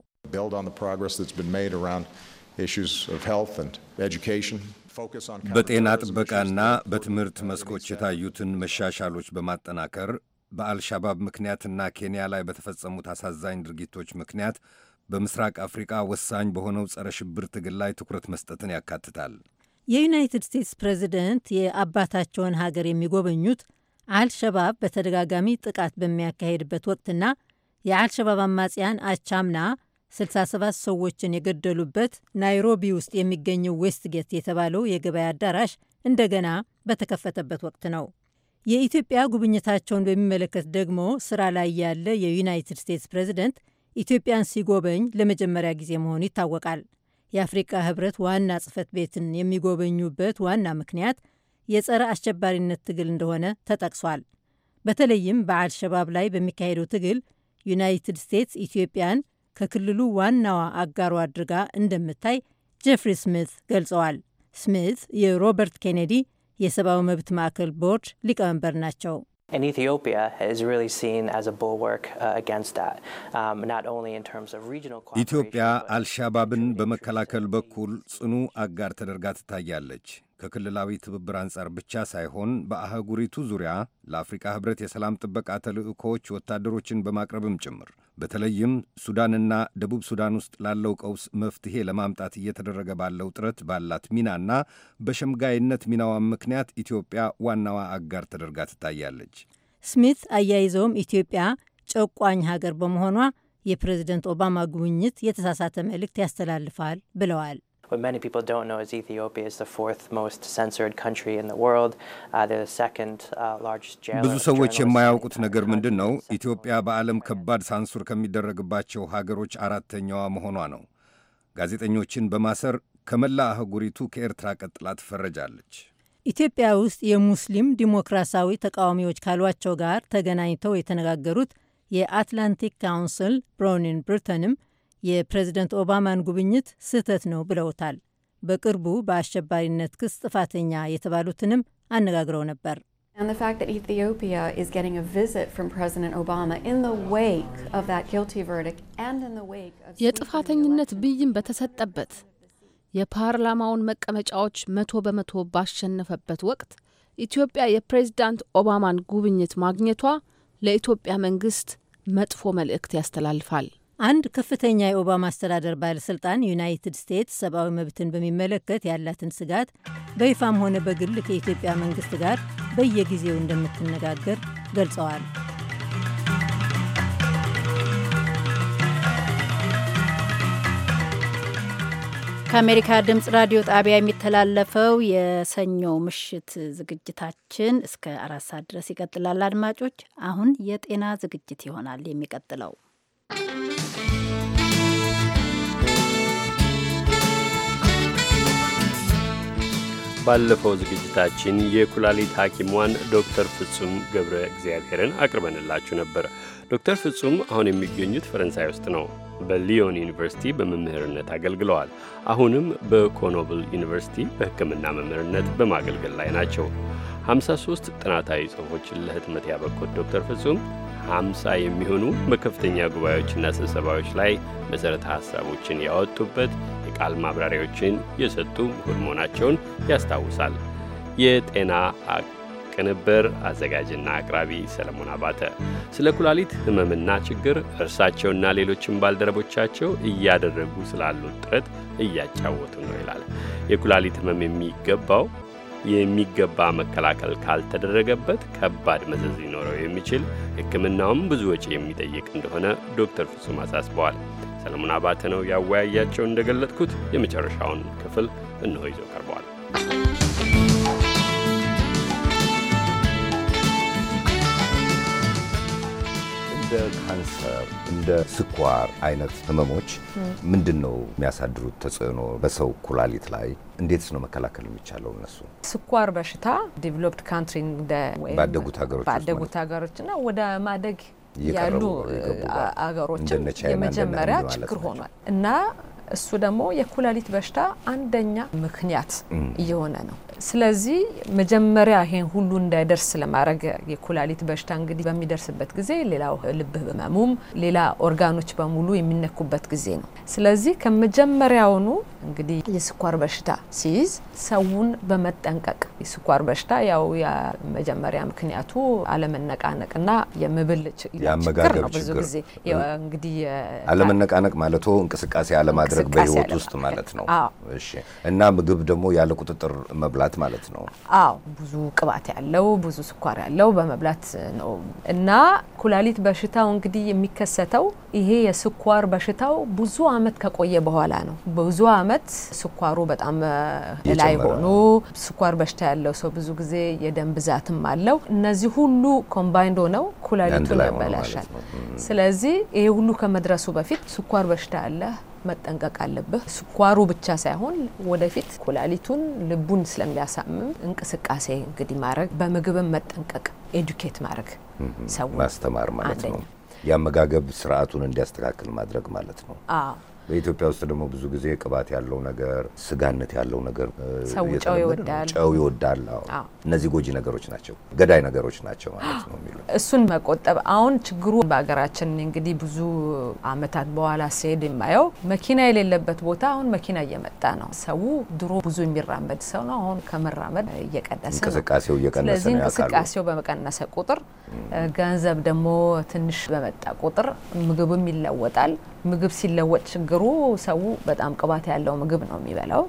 በጤና ጥበቃና በትምህርት መስኮች የታዩትን መሻሻሎች በማጠናከር በአልሻባብ ምክንያትና ኬንያ ላይ በተፈጸሙት አሳዛኝ ድርጊቶች ምክንያት በምስራቅ አፍሪቃ ወሳኝ በሆነው ጸረ ሽብር ትግል ላይ ትኩረት መስጠትን ያካትታል። የዩናይትድ ስቴትስ ፕሬዚደንት የአባታቸውን ሀገር የሚጎበኙት አልሸባብ በተደጋጋሚ ጥቃት በሚያካሄድበት ወቅትና የአልሸባብ አማጽያን አቻምና 67 ሰዎችን የገደሉበት ናይሮቢ ውስጥ የሚገኘው ዌስትጌት የተባለው የገበያ አዳራሽ እንደገና በተከፈተበት ወቅት ነው። የኢትዮጵያ ጉብኝታቸውን በሚመለከት ደግሞ ስራ ላይ ያለ የዩናይትድ ስቴትስ ፕሬዚደንት ኢትዮጵያን ሲጎበኝ ለመጀመሪያ ጊዜ መሆኑ ይታወቃል። የአፍሪቃ ህብረት ዋና ጽህፈት ቤትን የሚጎበኙበት ዋና ምክንያት የጸረ አሸባሪነት ትግል እንደሆነ ተጠቅሷል። በተለይም በአልሸባብ ላይ በሚካሄደው ትግል ዩናይትድ ስቴትስ ኢትዮጵያን ከክልሉ ዋናዋ አጋሯ አድርጋ እንደምታይ ጀፍሪ ስሚት ገልጸዋል። ስሚት የሮበርት ኬኔዲ የሰብአዊ መብት ማዕከል ቦርድ ሊቀመንበር ናቸው። uh, um, ኢትዮጵያ አልሻባብን በመከላከል በኩል ጽኑ አጋር ተደርጋ ትታያለች። ከክልላዊ ትብብር አንጻር ብቻ ሳይሆን በአህጉሪቱ ዙሪያ ለአፍሪካ ህብረት የሰላም ጥበቃ ተልዕኮዎች ወታደሮችን በማቅረብም ጭምር በተለይም ሱዳንና ደቡብ ሱዳን ውስጥ ላለው ቀውስ መፍትሄ ለማምጣት እየተደረገ ባለው ጥረት ባላት ሚናና በሸምጋይነት ሚናዋን ምክንያት ኢትዮጵያ ዋናዋ አጋር ተደርጋ ትታያለች። ስሚት አያይዘውም ኢትዮጵያ ጨቋኝ ሀገር በመሆኗ የፕሬዝደንት ኦባማ ጉብኝት የተሳሳተ መልእክት ያስተላልፋል ብለዋል። What many people don't know is Ethiopia is the fourth most censored country in the world. Uh, they're the second uh, largest jail. ብዙ ሰዎች የማያውቁት ነገር ምንድን ነው? ኢትዮጵያ በዓለም ከባድ ሳንሱር ከሚደረግባቸው ሀገሮች አራተኛዋ መሆኗ ነው። ጋዜጠኞችን በማሰር ከመላ አህጉሪቱ ከኤርትራ ቀጥላ ትፈረጃለች። ኢትዮጵያ ውስጥ የሙስሊም ዲሞክራሲያዊ ተቃዋሚዎች ካሏቸው ጋር ተገናኝተው የተነጋገሩት የአትላንቲክ ካውንስል ብራውን ኤንድ የፕሬዝደንት ኦባማን ጉብኝት ስህተት ነው ብለውታል። በቅርቡ በአሸባሪነት ክስ ጥፋተኛ የተባሉትንም አነጋግረው ነበር። የጥፋተኝነት ብይን በተሰጠበት የፓርላማውን መቀመጫዎች መቶ በመቶ ባሸነፈበት ወቅት ኢትዮጵያ የፕሬዝዳንት ኦባማን ጉብኝት ማግኘቷ ለኢትዮጵያ መንግስት መጥፎ መልእክት ያስተላልፋል። አንድ ከፍተኛ የኦባማ አስተዳደር ባለሥልጣን ዩናይትድ ስቴትስ ሰብአዊ መብትን በሚመለከት ያላትን ስጋት በይፋም ሆነ በግል ከኢትዮጵያ መንግስት ጋር በየጊዜው እንደምትነጋገር ገልጸዋል። ከአሜሪካ ድምፅ ራዲዮ ጣቢያ የሚተላለፈው የሰኞ ምሽት ዝግጅታችን እስከ አራት ሰዓት ድረስ ይቀጥላል። አድማጮች፣ አሁን የጤና ዝግጅት ይሆናል የሚቀጥለው። ባለፈው ዝግጅታችን የኩላሊት ሐኪሟን ዶክተር ፍጹም ገብረ እግዚአብሔርን አቅርበንላችሁ ነበር። ዶክተር ፍጹም አሁን የሚገኙት ፈረንሳይ ውስጥ ነው። በሊዮን ዩኒቨርሲቲ በመምህርነት አገልግለዋል። አሁንም በኮኖብል ዩኒቨርሲቲ በሕክምና መምህርነት በማገልገል ላይ ናቸው። 53 ጥናታዊ ጽሑፎችን ለህትመት ያበቁት ዶክተር ፍጹም 50 የሚሆኑ በከፍተኛ ጉባኤዎችና ስብሰባዎች ላይ መሠረተ ሐሳቦችን ያወጡበት ቃል ማብራሪያዎችን የሰጡ ምሁር መሆናቸውን ያስታውሳል። የጤና ቅንብር አዘጋጅና አቅራቢ ሰለሞን አባተ ስለ ኩላሊት ሕመምና ችግር እርሳቸውና ሌሎችም ባልደረቦቻቸው እያደረጉ ስላሉት ጥረት እያጫወቱ ነው ይላል። የኩላሊት ሕመም የሚገባው የሚገባ መከላከል ካልተደረገበት ከባድ መዘዝ ሊኖረው የሚችል ሕክምናውም ብዙ ወጪ የሚጠይቅ እንደሆነ ዶክተር ፍጹም አሳስበዋል። ሰለሞን አባተ ነው ያወያያቸው። እንደገለጥኩት የመጨረሻውን ክፍል እነሆ ይዞ ቀርቧል። እንደ ካንሰር እንደ ስኳር አይነት ህመሞች ምንድን ነው የሚያሳድሩት ተጽዕኖ በሰው ኩላሊት ላይ? እንዴትስ ነው መከላከል የሚቻለው? እነሱ ስኳር በሽታ ዲቨሎፕድ ካንትሪ ባደጉት ሀገሮች እና ወደ ማደግ ያሉ አገሮችም የመጀመሪያ ችግር ሆኗል እና እሱ ደግሞ የኩላሊት በሽታ አንደኛ ምክንያት እየሆነ ነው። ስለዚህ መጀመሪያ ይሄን ሁሉ እንዳይደርስ ለማድረግ የኩላሊት በሽታ እንግዲህ በሚደርስበት ጊዜ ሌላው ልብ ህመሙም፣ ሌላ ኦርጋኖች በሙሉ የሚነኩበት ጊዜ ነው። ስለዚህ ከመጀመሪያውኑ እንግዲህ የስኳር በሽታ ሲይዝ ሰውን በመጠንቀቅ የስኳር በሽታ ያው የመጀመሪያ ምክንያቱ አለመነቃነቅና የምብል ችግር ነው። ብዙ ጊዜ እንግዲህ አለመነቃነቅ ማለት እንቅስቃሴ አለማድረግ ማድረግ በህይወት ውስጥ ማለት ነው። እሺ። እና ምግብ ደግሞ ያለ ቁጥጥር መብላት ማለት ነው። አዎ፣ ብዙ ቅባት ያለው ብዙ ስኳር ያለው በመብላት ነው። እና ኩላሊት በሽታው እንግዲህ የሚከሰተው ይሄ የስኳር በሽታው ብዙ አመት ከቆየ በኋላ ነው። ብዙ አመት ስኳሩ በጣም ላይ ሆኖ ስኳር በሽታ ያለው ሰው ብዙ ጊዜ የደም ብዛትም አለው። እነዚህ ሁሉ ኮምባይንድ ሆነው ኩላሊቱን ያበላሻል። ስለዚህ ይሄ ሁሉ ከመድረሱ በፊት ስኳር በሽታ አለ መጠንቀቅ አለብህ። ስኳሩ ብቻ ሳይሆን ወደፊት ኩላሊቱን፣ ልቡን ስለሚያሳምም እንቅስቃሴ እንግዲህ ማድረግ፣ በምግብም መጠንቀቅ፣ ኤዱኬት ማድረግ ሰው ማስተማር ማለት ነው። የአመጋገብ ስርዓቱን እንዲያስተካክል ማድረግ ማለት ነው። በኢትዮጵያ ውስጥ ደግሞ ብዙ ጊዜ ቅባት ያለው ነገር፣ ስጋነት ያለው ነገር ሰው ጨው ይወዳል፣ ጨው ይወዳል። እነዚህ ጎጂ ነገሮች ናቸው፣ ገዳይ ነገሮች ናቸው ማለት ነው የሚሉ እሱን መቆጠብ። አሁን ችግሩ በሀገራችን እንግዲህ ብዙ አመታት በኋላ ሲሄድ የማየው መኪና የሌለበት ቦታ አሁን መኪና እየመጣ ነው። ሰው ድሮ ብዙ የሚራመድ ሰው ነው፣ አሁን ከመራመድ እየቀነሰ እንቅስቃሴው እየቀነሰ ስለዚህ እንቅስቃሴው በመቀነሰ ቁጥር ገንዘብ ደግሞ ትንሽ በመጣ ቁጥር ምግብም ይለወጣል። ምግብ ሲለወጥ ችግር ተቸግሮ ሰው በጣም ቅባት ያለው ምግብ ነው የሚበላው።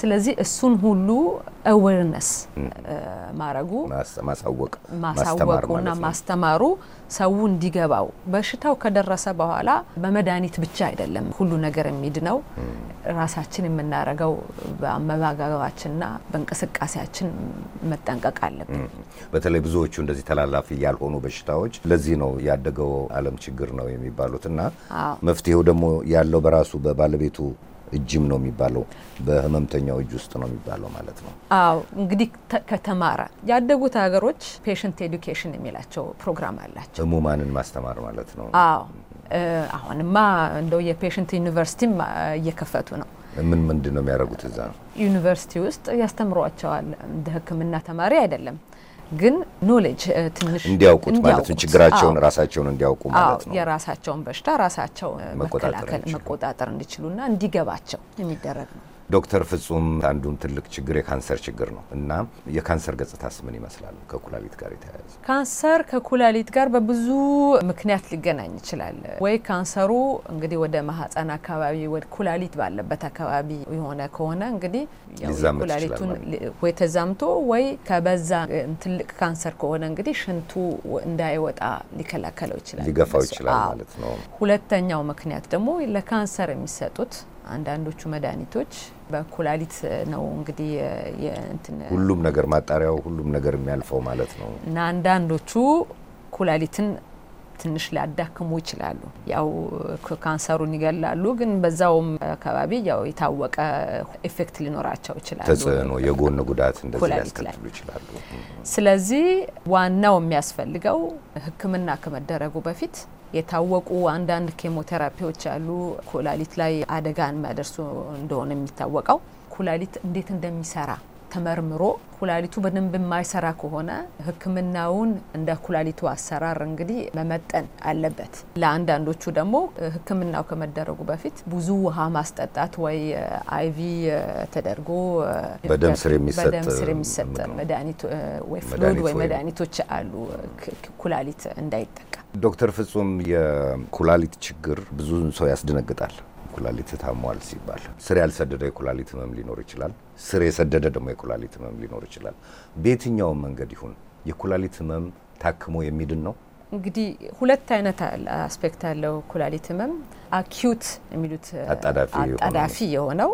ስለዚህ እሱን ሁሉ አዌርነስ ማረጉ ማሳወቁና ማስተማሩ ሰው እንዲገባው በሽታው ከደረሰ በኋላ በመድኃኒት ብቻ አይደለም ሁሉ ነገር የሚድነው። ራሳችን የምናደርገው በአመጋገባችንና በእንቅስቃሴያችን መጠንቀቅ አለብን። በተለይ ብዙዎቹ እንደዚህ ተላላፊ ያልሆኑ በሽታዎች ለዚህ ነው ያደገው ዓለም ችግር ነው የሚባሉት እና መፍትሄው ደግሞ ያለው በራሱ በባለቤቱ እጅም ነው የሚባለው፣ በህመምተኛው እጅ ውስጥ ነው የሚባለው ማለት ነው። አዎ እንግዲህ ከተማረ ያደጉት ሀገሮች ፔሽንት ኤዱኬሽን የሚላቸው ፕሮግራም አላቸው። ህሙማንን ማስተማር ማለት ነው። አዎ አሁንማ እንደው የፔሽንት ዩኒቨርሲቲም እየከፈቱ ነው። ምን ምንድን ነው የሚያደርጉት እዛ ነው? ዩኒቨርሲቲ ውስጥ ያስተምሯቸዋል። እንደ ህክምና ተማሪ አይደለም ግን ኖሌጅ uh, ትንሽ እንዲያውቁት ማለት ነው። ችግራቸውን ራሳቸውን እንዲያውቁ ማለት ነው። የራሳቸውን በሽታ ራሳቸው መከላከል መቆጣጠር እንዲችሉና እንዲገባቸው የሚደረግ ነው። ዶክተር ፍጹም አንዱን ትልቅ ችግር የካንሰር ችግር ነው እና የካንሰር ገጽታስ ምን ይመስላል? ከኩላሊት ጋር የተያያዘ ካንሰር ከኩላሊት ጋር በብዙ ምክንያት ሊገናኝ ይችላል። ወይ ካንሰሩ እንግዲህ ወደ ማህፀን አካባቢ ወደ ኩላሊት ባለበት አካባቢ የሆነ ከሆነ እንግዲህ ኩላሊቱን ወይ ተዛምቶ ወይ ከበዛ ትልቅ ካንሰር ከሆነ እንግዲህ ሽንቱ እንዳይወጣ ሊከላከለው ይችላል፣ ሊገፋው ይችላል ማለት ነው። ሁለተኛው ምክንያት ደግሞ ለካንሰር የሚሰጡት አንዳንዶቹ መድኃኒቶች በኩላሊት ነው እንግዲህ ሁሉም ነገር ማጣሪያው ሁሉም ነገር የሚያልፈው ማለት ነው። እና አንዳንዶቹ ኩላሊትን ትንሽ ሊያዳክሙ ይችላሉ። ያው ካንሰሩን ይገላሉ፣ ግን በዛውም አካባቢ ያው የታወቀ ኢፌክት ሊኖራቸው ይችላሉ። ተጽዕኖ፣ የጎን ጉዳት እንደዚህ ሊያስከትሉ ይችላሉ። ስለዚህ ዋናው የሚያስፈልገው ሕክምና ከመደረጉ በፊት የታወቁ አንዳንድ ኬሞቴራፒዎች አሉ ኩላሊት ላይ አደጋን የሚያደርሱ እንደሆነ የሚታወቀው ኩላሊት እንዴት እንደሚሰራ ተመርምሮ ኩላሊቱ በደንብ የማይሰራ ከሆነ ሕክምናውን እንደ ኩላሊቱ አሰራር እንግዲህ መመጠን አለበት። ለአንዳንዶቹ ደግሞ ሕክምናው ከመደረጉ በፊት ብዙ ውሃ ማስጠጣት ወይ አይቪ ተደርጎ በደም ስር የሚሰጥ መድኃኒት ወይ ፍሉድ ወይ መድኃኒቶች አሉ ኩላሊት እንዳይጠቃ። ዶክተር ፍጹም የኩላሊት ችግር ብዙ ሰው ያስደነግጣል። ኩላሊት ታሟል ሲባል ስር ያልሰደደ የኩላሊት ህመም ሊኖር ይችላል። ስር የሰደደ ደግሞ የኩላሊት ህመም ሊኖር ይችላል። በየትኛውም መንገድ ይሁን የኩላሊት ህመም ታክሞ የሚድን ነው። እንግዲህ ሁለት አይነት አስፔክት ያለው ኩላሊት ህመም አኪዩት የሚሉት አጣዳፊ የሆነው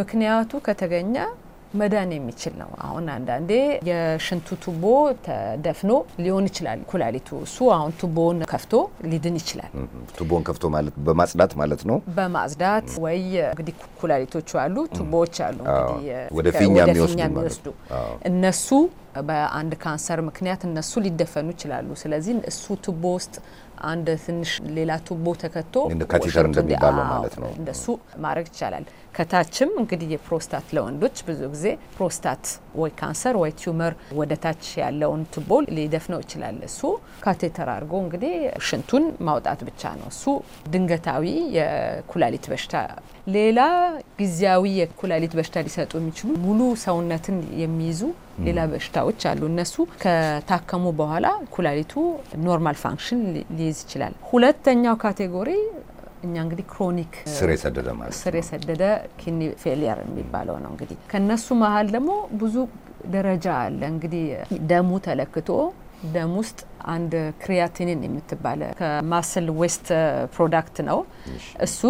ምክንያቱ ከተገኘ መዳን የሚችል ነው። አሁን አንዳንዴ የሽንቱ ቱቦ ተደፍኖ ሊሆን ይችላል ኩላሊቱ። እሱ አሁን ቱቦውን ከፍቶ ሊድን ይችላል። ቱቦን ከፍቶ ማለት በማጽዳት ማለት ነው። በማጽዳት ወይ እንግዲህ ኩላሊቶቹ አሉ፣ ቱቦዎች አሉ ወደ ፊኛ የሚወስዱ እነሱ በአንድ ካንሰር ምክንያት እነሱ ሊደፈኑ ይችላሉ። ስለዚህ እሱ ቱቦ ውስጥ አንድ ትንሽ ሌላ ቱቦ ተከቶ ካቴተር እንደሚባለው ማለት ነው እንደሱ ማድረግ ይቻላል። ከታችም እንግዲህ የፕሮስታት ለወንዶች ብዙ ጊዜ ፕሮስታት ወይ ካንሰር ወይ ቲዩመር ወደ ታች ያለውን ቱቦ ሊደፍነው ይችላል። እሱ ካቴተር አድርጎ እንግዲህ ሽንቱን ማውጣት ብቻ ነው። እሱ ድንገታዊ የኩላሊት በሽታ። ሌላ ጊዜያዊ የኩላሊት በሽታ ሊሰጡ የሚችሉ ሙሉ ሰውነትን የሚይዙ ሌላ በሽታዎች አሉ። እነሱ ከታከሙ በኋላ ኩላሊቱ ኖርማል ፋንክሽን ሊይዝ ይችላል። ሁለተኛው ካቴጎሪ እኛ እንግዲህ ክሮኒክ ስር የሰደደ ማለት ስር የሰደደ ኪኒ ፌሊየር የሚባለው ነው። እንግዲህ ከነሱ መሀል ደግሞ ብዙ ደረጃ አለ። እንግዲህ ደሙ ተለክቶ ደም ውስጥ አንድ ክሪያቲኒን የምትባለ ከማስል ዌስት ፕሮዳክት ነው። እሱ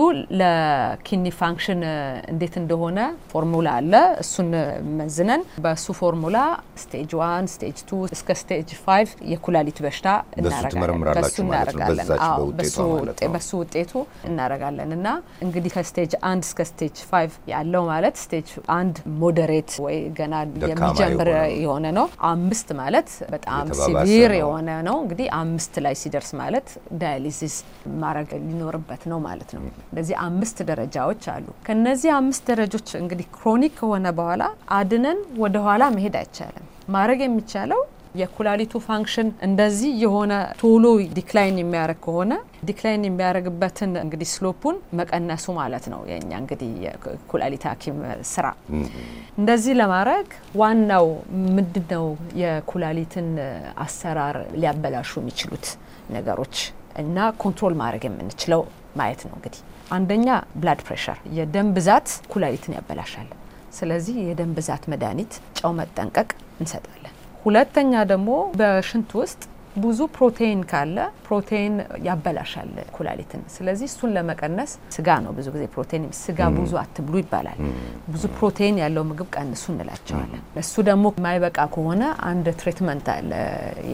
ለኪኒ ፋንክሽን እንዴት እንደሆነ ፎርሙላ አለ። እሱን መዝነን በሱ ፎርሙላ ስቴጅ ዋን፣ ስቴጅ ቱ እስከ ስቴጅ ፋይቭ የኩላሊት በሽታ እናረጋለን። በሱ ውጤቱ እናረጋለን እና እንግዲህ ከስቴጅ አንድ እስከ ስቴጅ ፋይቭ ያለው ማለት ስቴጅ አንድ ሞዴሬት ወይ ገና የሚጀምር የሆነ ነው። አምስት ማለት በጣም ሲቪር የሆነ ነው እንግዲህ አምስት ላይ ሲደርስ ማለት ዳያሊሲስ ማድረግ ሊኖርበት ነው ማለት ነው። እንደዚህ አምስት ደረጃዎች አሉ። ከነዚህ አምስት ደረጃዎች እንግዲህ ክሮኒክ ከሆነ በኋላ አድነን ወደኋላ መሄድ አይቻልም። ማድረግ የሚቻለው የኩላሊቱ ፋንክሽን እንደዚህ የሆነ ቶሎ ዲክላይን የሚያደርግ ከሆነ ዲክላይን የሚያደርግበትን እንግዲህ ስሎፑን መቀነሱ ማለት ነው። የኛ እንግዲህ የኩላሊት ሐኪም ስራ እንደዚህ ለማድረግ ዋናው ምንድን ነው የኩላሊትን አሰራር ሊያበላሹ የሚችሉት ነገሮች እና ኮንትሮል ማድረግ የምንችለው ማየት ነው። እንግዲህ አንደኛ ብላድ ፕሬሸር፣ የደም ብዛት ኩላሊትን ያበላሻል። ስለዚህ የደም ብዛት መድኃኒት ጨው መጠንቀቅ እንሰጣለን። ሁለተኛ ደግሞ በሽንት ውስጥ ብዙ ፕሮቴይን ካለ ፕሮቴይን ያበላሻል ኩላሊትን። ስለዚህ እሱን ለመቀነስ ስጋ ነው ብዙ ጊዜ ፕሮቴይን፣ ስጋ ብዙ አትብሉ ይባላል። ብዙ ፕሮቴይን ያለው ምግብ ቀንሱ እንላቸዋለን። እሱ ደግሞ የማይበቃ ከሆነ አንድ ትሪትመንት አለ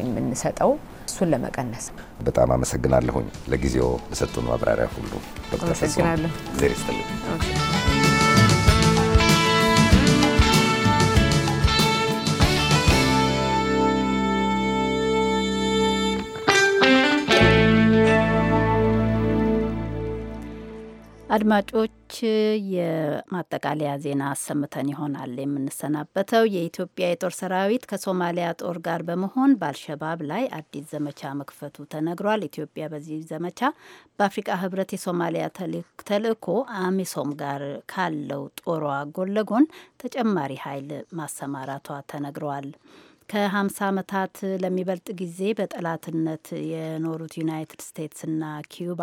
የምንሰጠው እሱን ለመቀነስ። በጣም አመሰግናለሁኝ ለጊዜው ለሰጡን ማብራሪያ ሁሉ ዶክተር አመሰግናለሁ። አድማጮች የማጠቃለያ ዜና አሰምተን ይሆናል የምንሰናበተው። የኢትዮጵያ የጦር ሰራዊት ከሶማሊያ ጦር ጋር በመሆን በአልሸባብ ላይ አዲስ ዘመቻ መክፈቱ ተነግሯል። ኢትዮጵያ በዚህ ዘመቻ በአፍሪቃ ህብረት የሶማሊያ ተልእኮ አሚሶም ጋር ካለው ጦሯ ጎን ለጎን ተጨማሪ ኃይል ማሰማራቷ ተነግረዋል። ከ50 ዓመታት ለሚበልጥ ጊዜ በጠላትነት የኖሩት ዩናይትድ ስቴትስና ኪዩባ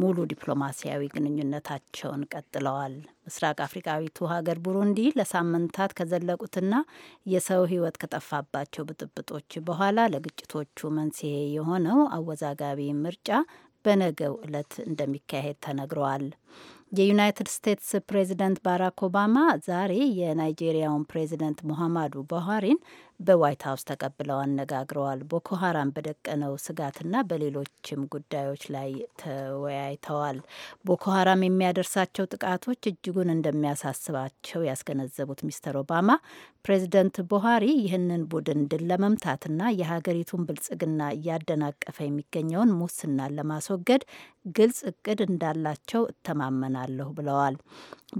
ሙሉ ዲፕሎማሲያዊ ግንኙነታቸውን ቀጥለዋል። ምስራቅ አፍሪካዊቱ ሀገር ቡሩንዲ ለሳምንታት ከዘለቁትና የሰው ሕይወት ከጠፋባቸው ብጥብጦች በኋላ ለግጭቶቹ መንስኤ የሆነው አወዛጋቢ ምርጫ በነገው ዕለት እንደሚካሄድ ተነግረዋል። የዩናይትድ ስቴትስ ፕሬዚደንት ባራክ ኦባማ ዛሬ የናይጄሪያውን ፕሬዚደንት ሙሐማዱ ቡሃሪን በዋይት ሀውስ ተቀብለው አነጋግረዋል። ቦኮ ሀራም በደቀነው ስጋትና በሌሎችም ጉዳዮች ላይ ተወያይተዋል። ቦኮ ሀራም የሚያደርሳቸው ጥቃቶች እጅጉን እንደሚያሳስባቸው ያስገነዘቡት ሚስተር ኦባማ ፕሬዚደንት ቡሃሪ ይህንን ቡድን ድል ለመምታትና የሀገሪቱን ብልጽግና እያደናቀፈ የሚገኘውን ሙስናን ለማስወገድ ግልጽ እቅድ እንዳላቸው እተማመናለሁ ብለዋል።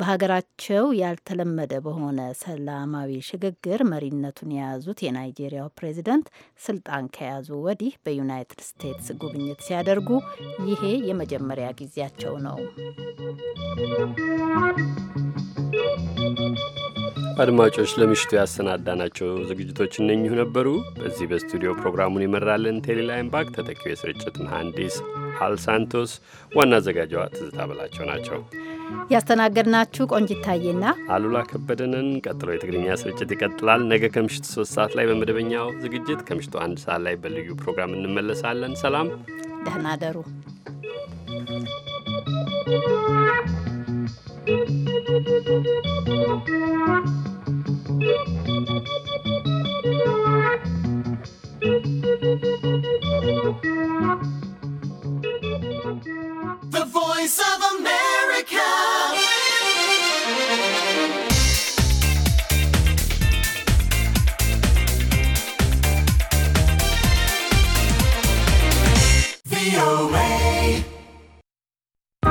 በሀገራቸው ያልተለመደ በሆነ ሰላማዊ ሽግግር መሪነቱን የያዙት የናይጄሪያው ፕሬዚደንት ስልጣን ከያዙ ወዲህ በዩናይትድ ስቴትስ ጉብኝት ሲያደርጉ ይሄ የመጀመሪያ ጊዜያቸው ነው። አድማጮች ለምሽቱ ያሰናዳናቸው ዝግጅቶች እነኚሁ ነበሩ። በዚህ በስቱዲዮ ፕሮግራሙን ይመራልን ቴሌላይም ባክ ተተኪው የስርጭት መሐንዲስ አልሳንቶስ፣ ዋና አዘጋጇ ትዝታ በላቸው ናቸው። ያስተናገድናችሁ ቆንጅ ይታየና አሉላ ከበደንን። ቀጥሎ የትግርኛ ስርጭት ይቀጥላል። ነገ ከምሽቱ ሶስት ሰዓት ላይ በመደበኛው ዝግጅት፣ ከምሽቱ አንድ ሰዓት ላይ በልዩ ፕሮግራም እንመለሳለን። ሰላም፣ ደህና ደሩ። The voice of a man. America.